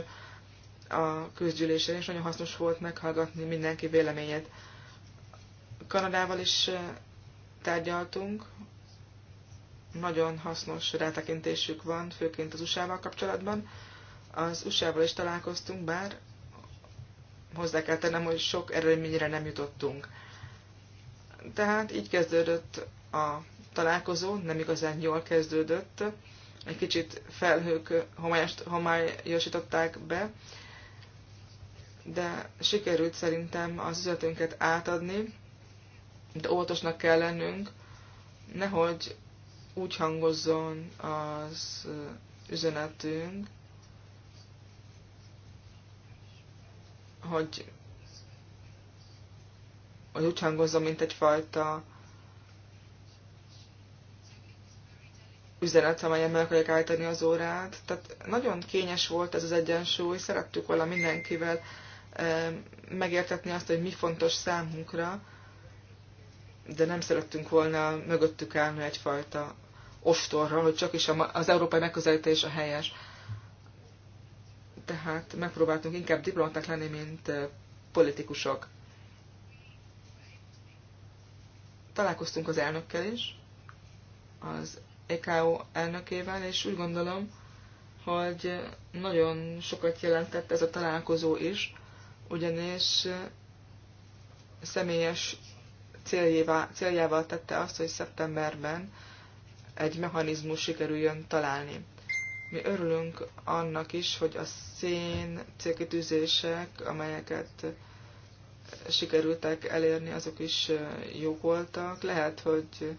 a közgyűlésen is nagyon hasznos volt meghallgatni mindenki véleményét. Kanadával is tárgyaltunk, nagyon hasznos rátekintésük van, főként az USA-val kapcsolatban. Az USA-val is találkoztunk, bár hozzá kell tennem, hogy sok eredményre nem jutottunk. Tehát így kezdődött a találkozó, nem igazán jól kezdődött, egy kicsit felhők homályosították be, de sikerült szerintem az üzletünket átadni, de óvatosnak kell lennünk, nehogy úgy hangozzon az üzenetünk, hogy hogy úgy hangozom, mint egyfajta üzenet, amelyen meg akarják állítani az órát. Tehát nagyon kényes volt ez az egyensúly, szerettük volna mindenkivel eh, megértetni azt, hogy mi fontos számunkra, de nem szerettünk volna mögöttük állni egyfajta ostorra, hogy csak is az európai megközelítés a helyes. Tehát megpróbáltunk inkább diplomaták lenni, mint eh, politikusok. Találkoztunk az elnökkel is, az EKO elnökével, és úgy gondolom, hogy nagyon sokat jelentett ez a találkozó is, ugyanis eh, személyes céljává, céljával tette azt, hogy szeptemberben egy mechanizmus sikerüljön találni. Mi örülünk annak is, hogy a szén célkitűzések, amelyeket sikerültek elérni, azok is jók voltak. Lehet, hogy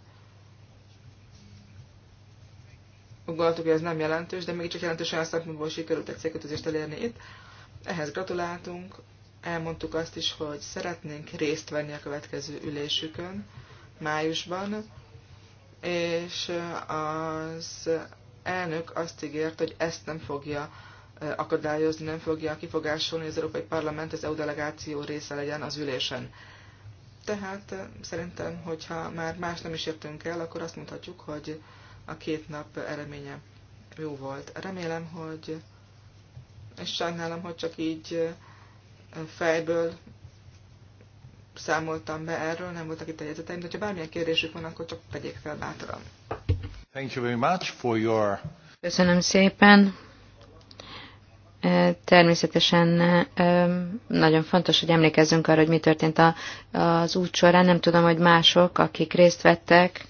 gondoltuk, hogy ez nem jelentős, de mégiscsak jelentős olyan szakmunkból sikerült egy célkötözést elérni itt. Ehhez gratuláltunk, elmondtuk azt is, hogy szeretnénk részt venni a következő ülésükön májusban, és az elnök azt ígért, hogy ezt nem fogja akadályozni, nem fogja kifogásolni, hogy az Európai Parlament az EU delegáció része legyen az ülésen. Tehát szerintem, hogyha már más nem is értünk el, akkor azt mondhatjuk, hogy a két nap eredménye jó volt. Remélem, hogy és sajnálom, hogy csak így fejből számoltam be erről, nem voltak itt egyeteteim, de ha bármilyen kérdésük van, akkor csak tegyék fel bátran. Thank you very much for your... Köszönöm szépen Természetesen nagyon fontos, hogy emlékezzünk arra, hogy mi történt az út során. Nem tudom, hogy mások, akik részt vettek.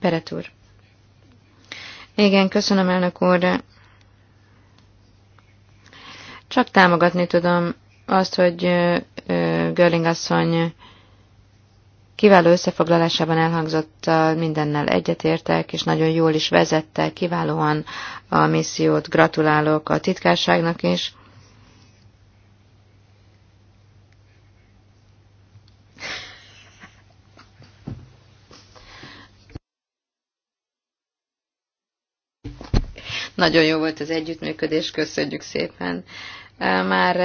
Peret úr. Igen, köszönöm, elnök úr. Csak támogatni tudom azt, hogy Görling asszony Kiváló összefoglalásában elhangzott mindennel egyetértek, és nagyon jól is vezette kiválóan a missziót. Gratulálok a titkárságnak is. Nagyon jó volt az együttműködés, köszönjük szépen. Már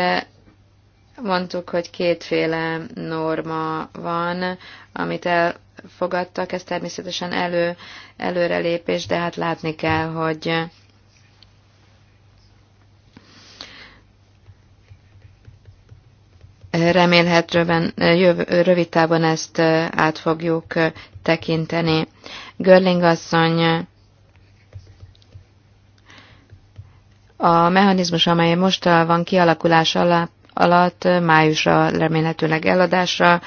Mondtuk, hogy kétféle norma van, amit elfogadtak, ez természetesen elő, előrelépés, de hát látni kell, hogy remélhetően rövid távon ezt át fogjuk tekinteni. Görling asszony a mechanizmus, amely most van kialakulás alatt, alatt, májusra remélhetőleg eladásra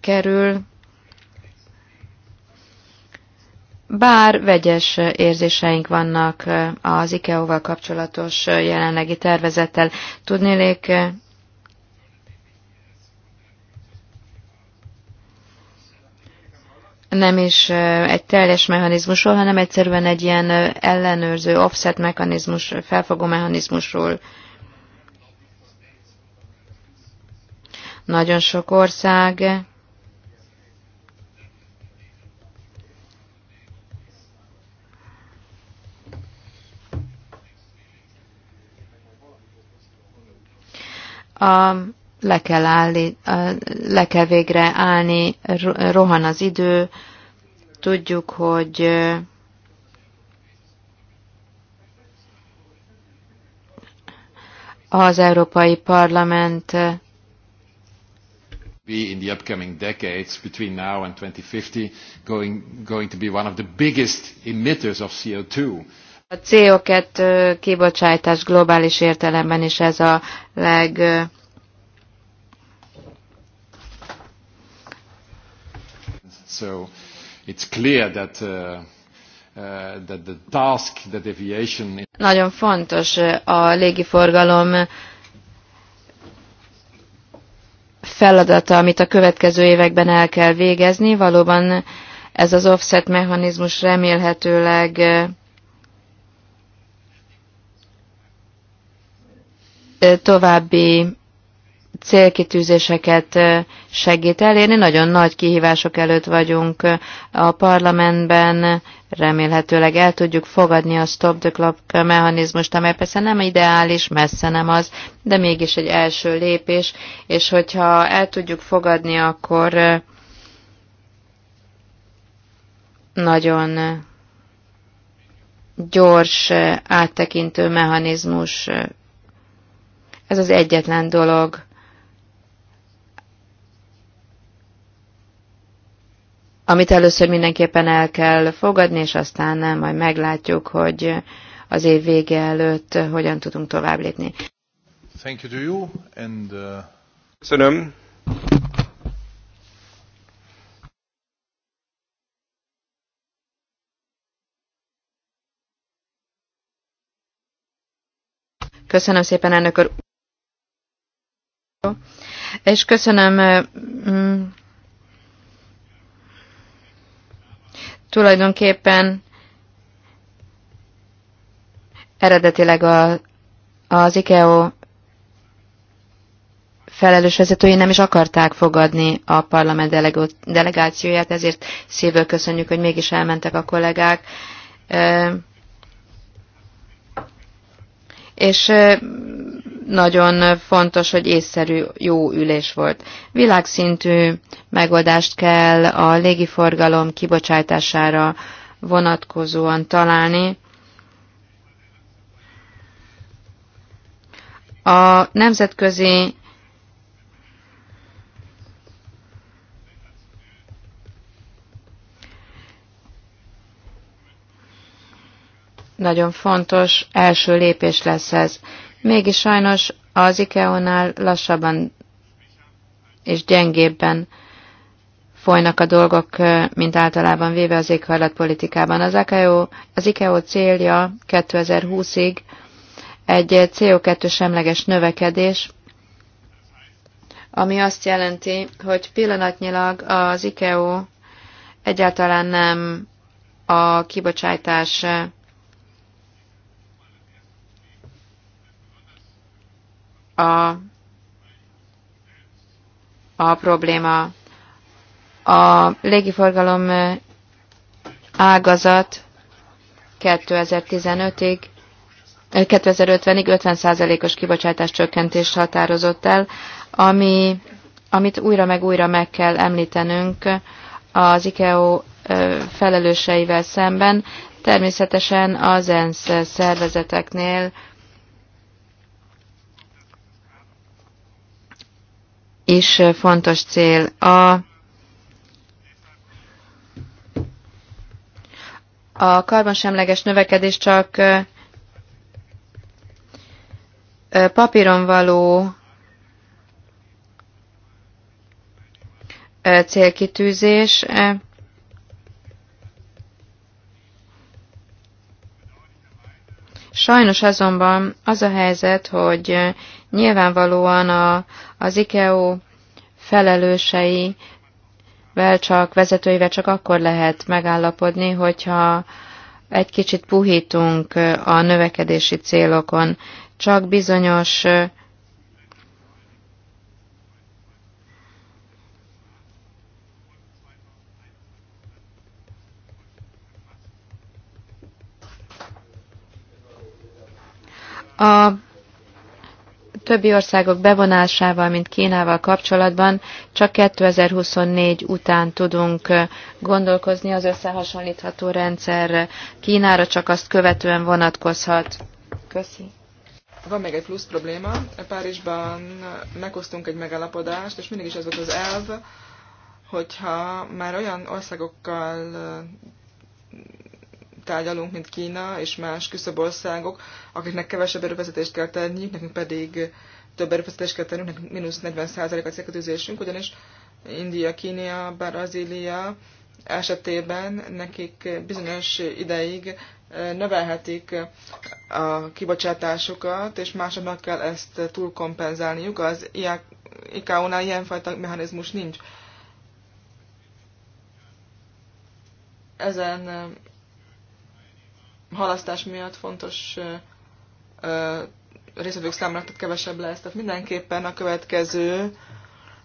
kerül. Bár vegyes érzéseink vannak az ikea val kapcsolatos jelenlegi tervezettel, tudnélék nem is egy teljes mechanizmusról, hanem egyszerűen egy ilyen ellenőrző offset mechanizmus, felfogó mechanizmusról Nagyon sok ország a, le, kell állni, le kell végre állni, rohan az idő, tudjuk, hogy az Európai Parlament be in the upcoming decades between now and 2050 going, going to be one of the biggest emitters of CO2. A CO2 kibocsátás globális értelemben is ez a leg So it's clear that uh, uh, that the task that aviation Nagyon fontos a légiforgalom feladata, amit a következő években el kell végezni. Valóban ez az offset mechanizmus remélhetőleg további célkitűzéseket segít elérni. Nagyon nagy kihívások előtt vagyunk a parlamentben, remélhetőleg el tudjuk fogadni a stop the clock mechanizmust, amely persze nem ideális, messze nem az, de mégis egy első lépés, és hogyha el tudjuk fogadni, akkor nagyon gyors, áttekintő mechanizmus. Ez az egyetlen dolog, amit először mindenképpen el kell fogadni, és aztán majd meglátjuk, hogy az év vége előtt hogyan tudunk tovább lépni. Thank you to you and, uh... Köszönöm. Köszönöm szépen, elnök úr. És köszönöm mm, Tulajdonképpen eredetileg a, az IKEO felelős vezetői nem is akarták fogadni a parlament delegációját, ezért szívből köszönjük, hogy mégis elmentek a kollégák és nagyon fontos, hogy észszerű, jó ülés volt. Világszintű megoldást kell a légiforgalom kibocsátására vonatkozóan találni. A nemzetközi nagyon fontos első lépés lesz ez. Mégis sajnos az ICAO-nál lassabban és gyengébben folynak a dolgok, mint általában véve az éghajlatpolitikában. Az ICAO, az ICAO célja 2020-ig egy CO2 semleges növekedés, ami azt jelenti, hogy pillanatnyilag az ICAO egyáltalán nem a kibocsátás a, a probléma. A légiforgalom ágazat 2015-ig 2050-ig 50%-os kibocsátás csökkentést határozott el, ami, amit újra meg újra meg kell említenünk az ICAO eh, felelőseivel szemben, természetesen az ENSZ szervezeteknél, is fontos cél. A, a karbonsemleges növekedés csak papíron való célkitűzés. Sajnos azonban az a helyzet, hogy Nyilvánvalóan a, az IKEO felelősei vel csak, vezetőivel csak akkor lehet megállapodni, hogyha egy kicsit puhítunk a növekedési célokon. Csak bizonyos a többi országok bevonásával, mint Kínával kapcsolatban csak 2024 után tudunk gondolkozni, az összehasonlítható rendszer Kínára csak azt követően vonatkozhat. Köszi. Van még egy plusz probléma. Párizsban meghoztunk egy megalapodást, és mindig is ez volt az elv, hogyha már olyan országokkal tárgyalunk, mint Kína és más küszöbországok, akiknek kevesebb erőfeszítést kell tenniük, nekünk pedig több erőfeszítést kell tennünk, nekünk mínusz 40% a célkötőzésünk, ugyanis India, Kínia, Brazília esetében nekik bizonyos ideig növelhetik a kibocsátásukat, és másoknak kell ezt túlkompenzálniuk. Az ICAO-nál ilyenfajta mechanizmus nincs. Ezen halasztás miatt fontos részvevők számára tehát kevesebb lesz. Tehát mindenképpen a következő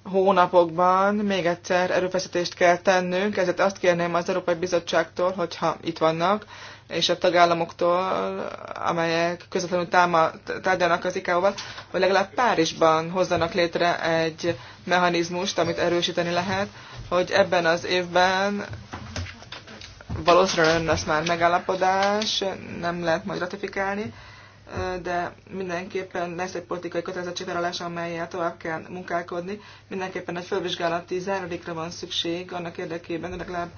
hónapokban még egyszer erőfeszítést kell tennünk, ezért azt kérném az Európai Bizottságtól, hogyha itt vannak, és a tagállamoktól, amelyek közvetlenül tárgyalnak az ICAO-val, hogy legalább Párizsban hozzanak létre egy mechanizmust, amit erősíteni lehet, hogy ebben az évben valószínűleg lesz már megállapodás, nem lehet majd ratifikálni, de mindenképpen lesz egy politikai kötelezettségvállalás, amelyel tovább kell munkálkodni. Mindenképpen egy fölvizsgálati záradékra van szükség annak érdekében, hogy legalább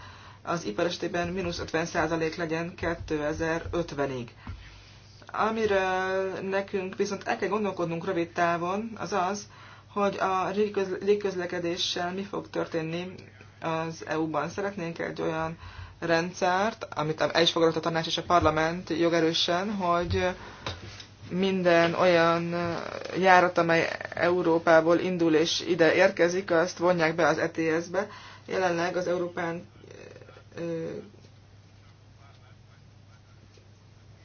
az ipar esetében mínusz 50% legyen 2050-ig. Amiről nekünk viszont el kell gondolkodnunk rövid távon, az az, hogy a légközlekedéssel mi fog történni az EU-ban. Szeretnénk egy olyan uh, rendszert, amit el is fogadott a tanács és a parlament jogerősen, hogy minden olyan járat, amely Európából indul és ide érkezik, azt vonják be az ETS-be. Jelenleg az Európán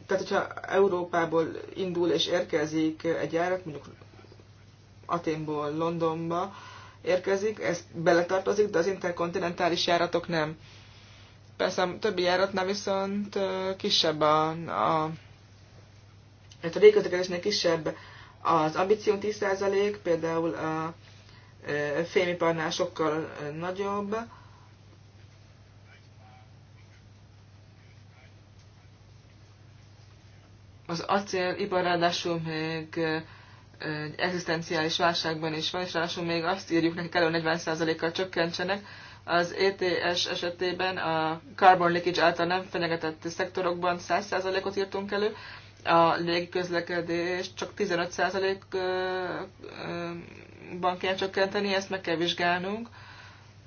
tehát hogyha Európából indul és érkezik egy járat, mondjuk Aténból Londonba érkezik, ez beletartozik, de az interkontinentális járatok nem. Persze a többi járatnál viszont kisebb a, a, hát a végközlekedésnél kisebb az ambíció 10%, például a fémiparnál sokkal nagyobb. Az acélipar ráadásul még egy egzisztenciális válságban is van, és ráadásul még azt írjuk nekik elő, 40%-kal csökkentsenek, az ETS esetében a carbon leakage által nem fenyegetett szektorokban 100%-ot írtunk elő, a légiközlekedés csak 15%-ban kell csökkenteni, ezt meg kell vizsgálnunk.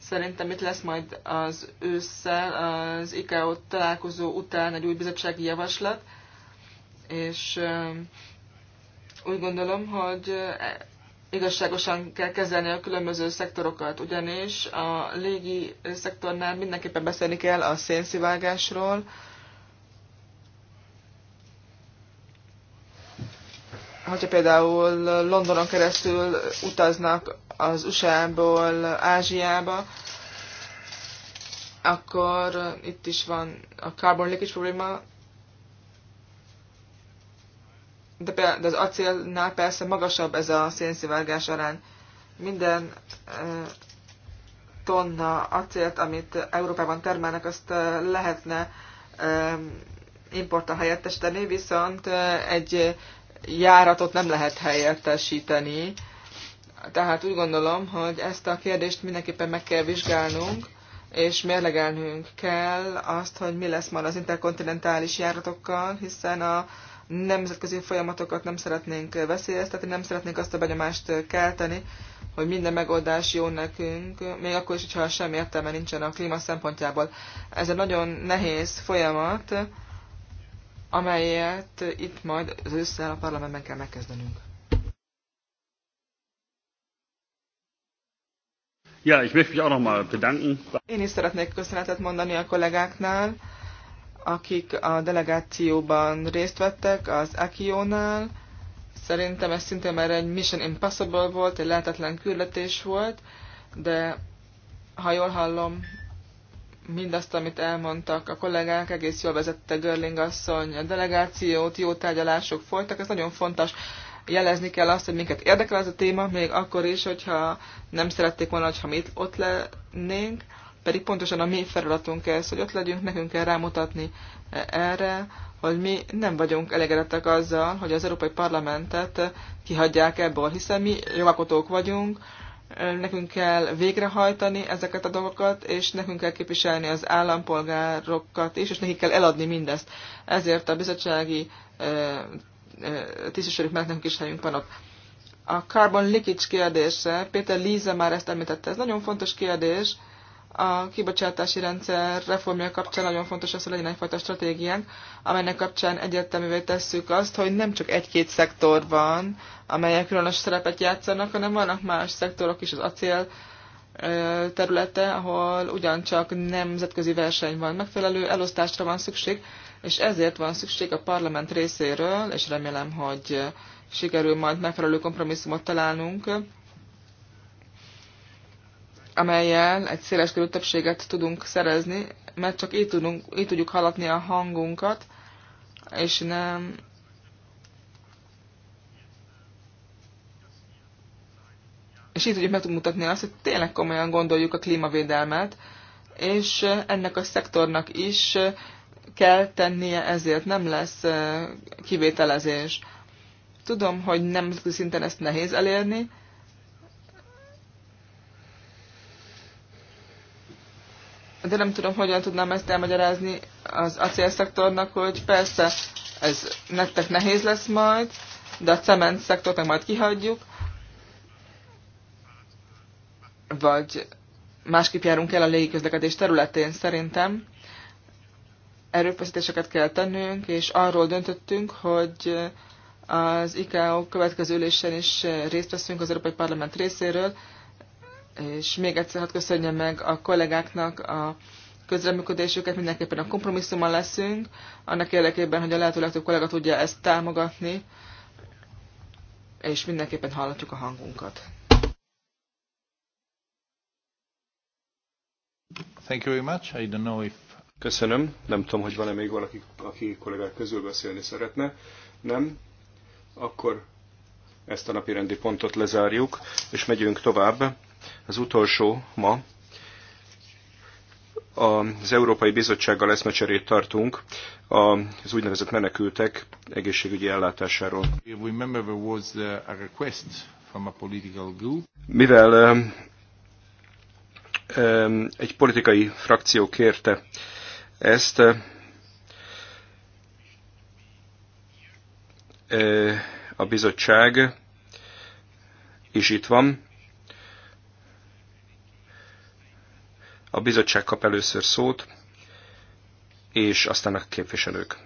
Szerintem itt lesz majd az ősszel, az ICAO találkozó után egy új bizottsági javaslat, és úgy gondolom, hogy igazságosan kell kezelni a különböző szektorokat, ugyanis a légi szektornál mindenképpen beszélni kell a szénszivágásról, hogyha például Londonon keresztül utaznak az USA-ból Ázsiába, akkor itt is van a carbon leakage probléma, de, de az acélnál persze magasabb ez a szénszivárgás arány. Minden tonna acélt, amit Európában termelnek, azt lehetne importa helyettesíteni, viszont egy járatot nem lehet helyettesíteni. Tehát úgy gondolom, hogy ezt a kérdést mindenképpen meg kell vizsgálnunk, és mérlegelnünk kell azt, hogy mi lesz majd az interkontinentális járatokkal, hiszen a nemzetközi folyamatokat nem szeretnénk veszélyeztetni, nem szeretnénk azt a benyomást kelteni, hogy minden megoldás jó nekünk, még akkor is, hogyha semmi értelme nincsen a klíma szempontjából. Ez egy nagyon nehéz folyamat, amelyet itt majd az ősszel a parlamentben kell megkezdenünk. Ja, ich möchte mich auch nochmal bedanken. Én is szeretnék köszönetet mondani a kollégáknál akik a delegációban részt vettek az Akionál. Szerintem ez szintén már egy Mission Impossible volt, egy lehetetlen küldetés volt, de ha jól hallom, mindazt, amit elmondtak a kollégák, egész jól vezette Görling asszony a delegációt, jó tárgyalások folytak, ez nagyon fontos. Jelezni kell azt, hogy minket érdekel ez a téma, még akkor is, hogyha nem szerették volna, ha mi ott lennénk pedig pontosan a mi feladatunk ez, hogy ott legyünk, nekünk kell rámutatni eh, erre, hogy mi nem vagyunk elégedettek azzal, hogy az Európai Parlamentet eh, kihagyják ebből, hiszen mi jogakotók vagyunk, eh, nekünk kell végrehajtani ezeket a dolgokat, és nekünk kell képviselni az állampolgárokat is, és nekik kell eladni mindezt. Ezért a bizottsági mellett nekünk is helyünk van ott. A carbon leakage kérdése, Péter Líze már ezt említette, ez nagyon fontos kérdés, a kibocsátási rendszer reformja kapcsán nagyon fontos az, hogy legyen egyfajta stratégiánk, amelynek kapcsán egyértelművé tesszük azt, hogy nem csak egy-két szektor van, amelyek különös szerepet játszanak, hanem vannak más szektorok is, az acél területe, ahol ugyancsak nemzetközi verseny van. Megfelelő elosztásra van szükség, és ezért van szükség a parlament részéről, és remélem, hogy sikerül majd megfelelő kompromisszumot találnunk amelyel egy széleskörű többséget tudunk szerezni, mert csak így, tudunk, így tudjuk hallatni a hangunkat, és nem és így tudjuk megmutatni azt, hogy tényleg komolyan gondoljuk a klímavédelmet, és ennek a szektornak is kell tennie ezért, nem lesz eh, kivételezés. Tudom, hogy nem szinten ezt nehéz elérni, de nem tudom, hogyan tudnám ezt elmagyarázni az acélszektornak, hogy persze ez nektek nehéz lesz majd, de a cement szektort meg majd kihagyjuk, vagy másképp járunk el a légiközlekedés területén szerintem. Erőfeszítéseket kell tennünk, és arról döntöttünk, hogy az ICAO következő ülésen is részt veszünk az Európai Parlament részéről, és még egyszer hadd köszönjem meg a kollégáknak a közreműködésüket, mindenképpen a kompromisszummal leszünk, annak érdekében, hogy a lehető legtöbb kollega tudja ezt támogatni, és mindenképpen hallatjuk a hangunkat. Thank you very much. I don't know if... Köszönöm. Nem tudom, hogy van-e még valaki, aki kollégák közül beszélni szeretne. Nem? Akkor ezt a napi rendi pontot lezárjuk, és megyünk tovább az utolsó ma az Európai Bizottsággal eszmecserét tartunk az úgynevezett menekültek egészségügyi ellátásáról. Uh, Mivel um, um, egy politikai frakció kérte ezt, uh, uh, a bizottság is itt van, A bizottság kap először szót, és aztán a képviselők.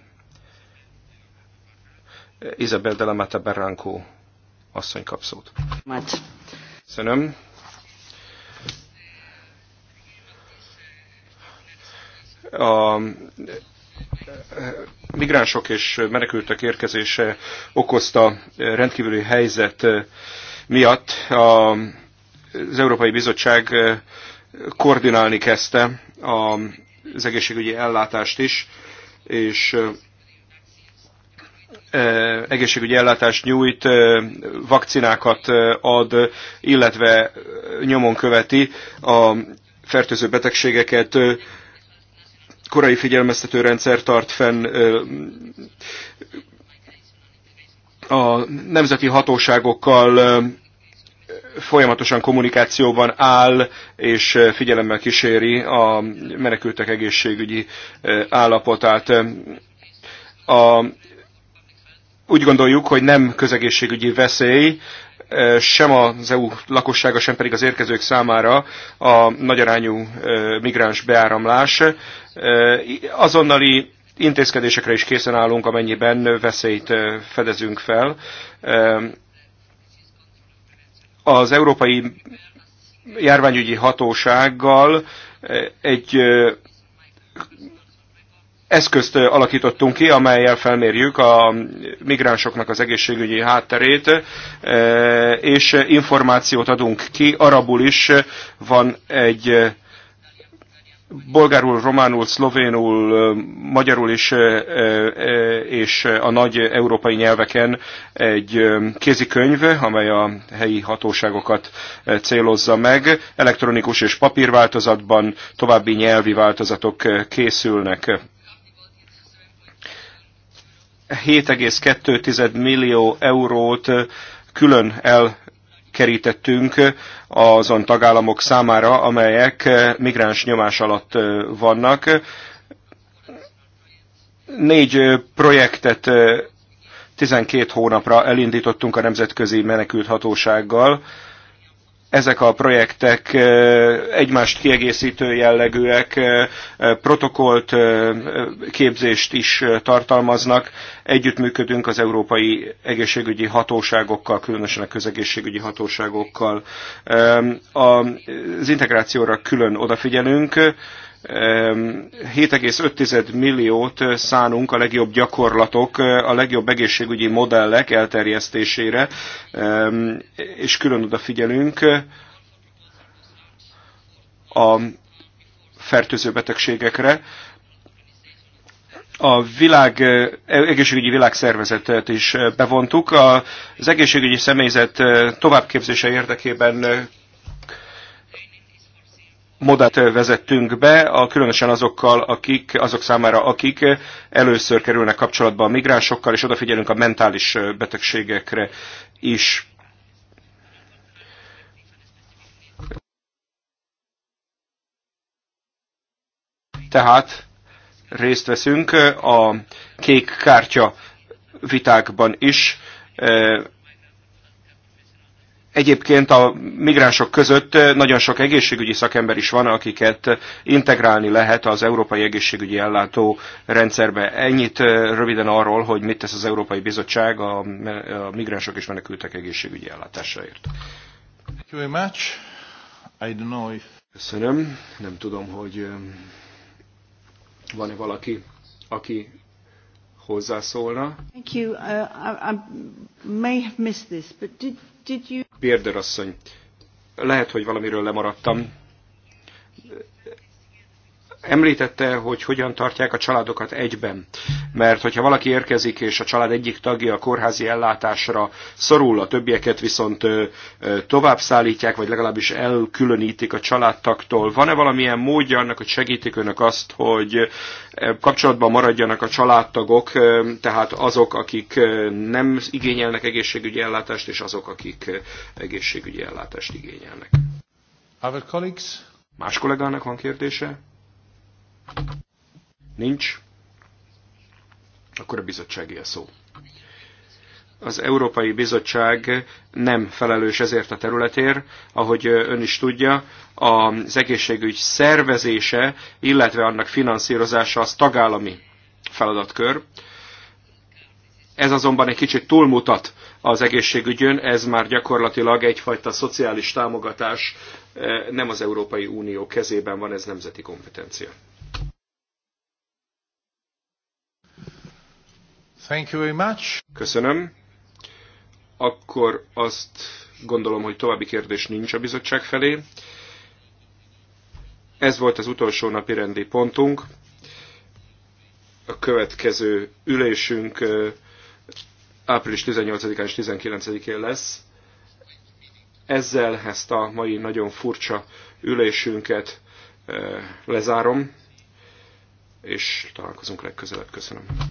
Isabel de la Mata Barranco asszony kap szót. Köszönöm. A migránsok és menekültek érkezése okozta rendkívüli helyzet miatt az Európai Bizottság koordinálni kezdte az egészségügyi ellátást is, és egészségügyi ellátást nyújt, vakcinákat ad, illetve nyomon követi a fertőző betegségeket, korai figyelmeztető rendszer tart fenn, a nemzeti hatóságokkal folyamatosan kommunikációban áll és eh, figyelemmel kíséri a menekültek egészségügyi eh, állapotát. A, úgy gondoljuk, hogy nem közegészségügyi veszély, eh, sem az EU lakossága, sem pedig az érkezők számára a nagyarányú migráns beáramlás. Azonnali intézkedésekre is készen állunk, amennyiben veszélyt fedezünk fel az Európai Járványügyi Hatósággal eh, egy eh, eszközt eh, alakítottunk ki, amelyel felmérjük a migránsoknak az egészségügyi hátterét, és információt adunk ki. Arabul is van egy bolgárul, románul, szlovénul, magyarul is, és a nagy európai nyelveken egy kézikönyv, amely a helyi hatóságokat célozza meg. Elektronikus és papírváltozatban további nyelvi változatok készülnek. 7,2 millió eurót külön el kerítettünk azon tagállamok számára, amelyek eh, migráns nyomás alatt eh, vannak. Négy eh, projektet 12 hónapra elindítottunk a Nemzetközi Menekült Hatósággal, ezek a projektek egymást kiegészítő jellegűek, protokolt képzést is tartalmaznak. Együttműködünk az európai egészségügyi hatóságokkal, különösen a közegészségügyi hatóságokkal. Az integrációra külön odafigyelünk, 7,5 milliót szánunk a legjobb gyakorlatok, a legjobb egészségügyi modellek elterjesztésére, és külön odafigyelünk a fertőző betegségekre. A világ, e, egészségügyi világszervezetet is bevontuk. Az egészségügyi személyzet továbbképzése érdekében modát vezettünk be, a, különösen azokkal, akik, azok számára, akik először kerülnek kapcsolatba a migránsokkal, és odafigyelünk a mentális betegségekre is. Tehát részt veszünk a kék kártya vitákban is, Egyébként a migránsok között eh, nagyon sok egészségügyi szakember is van, akiket eh, integrálni lehet az európai egészségügyi ellátó rendszerbe. Ennyit eh, röviden arról, hogy mit tesz az Európai Bizottság a, migránsok és menekültek egészségügyi ellátásáért. Köszönöm. Nem tudom, hogy van-e valaki, aki hozzászólna. Thank you. Uh, I, I may have missed this, but did Did you... Bérder asszony, lehet, hogy valamiről lemaradtam. Említette, hogy hogyan tartják a családokat egyben, mert hogyha valaki érkezik, és a család egyik tagja a kórházi ellátásra szorul, a többieket viszont tovább szállítják, vagy legalábbis elkülönítik a családtaktól. Van-e valamilyen módja annak, hogy segítik önök azt, hogy kapcsolatban maradjanak a családtagok, tehát azok, akik nem igényelnek egészségügyi ellátást, és azok, akik egészségügyi ellátást igényelnek? Other colleagues? Más kollégának van kérdése? Nincs. Akkor a bizottsági a szó. Az Európai Bizottság nem felelős ezért a területért, ahogy ön is tudja, az egészségügy szervezése, illetve annak finanszírozása az tagállami feladatkör. Ez azonban egy kicsit túlmutat az egészségügyön, ez már gyakorlatilag egyfajta szociális támogatás, nem az Európai Unió kezében van, ez nemzeti kompetencia. Thank you very much. Köszönöm. Akkor azt gondolom, hogy további kérdés nincs a bizottság felé. Ez volt az utolsó napi rendi pontunk. A következő ülésünk április 18-án és 19-én lesz. Ezzel ezt a mai nagyon furcsa ülésünket lezárom, és találkozunk legközelebb. Köszönöm.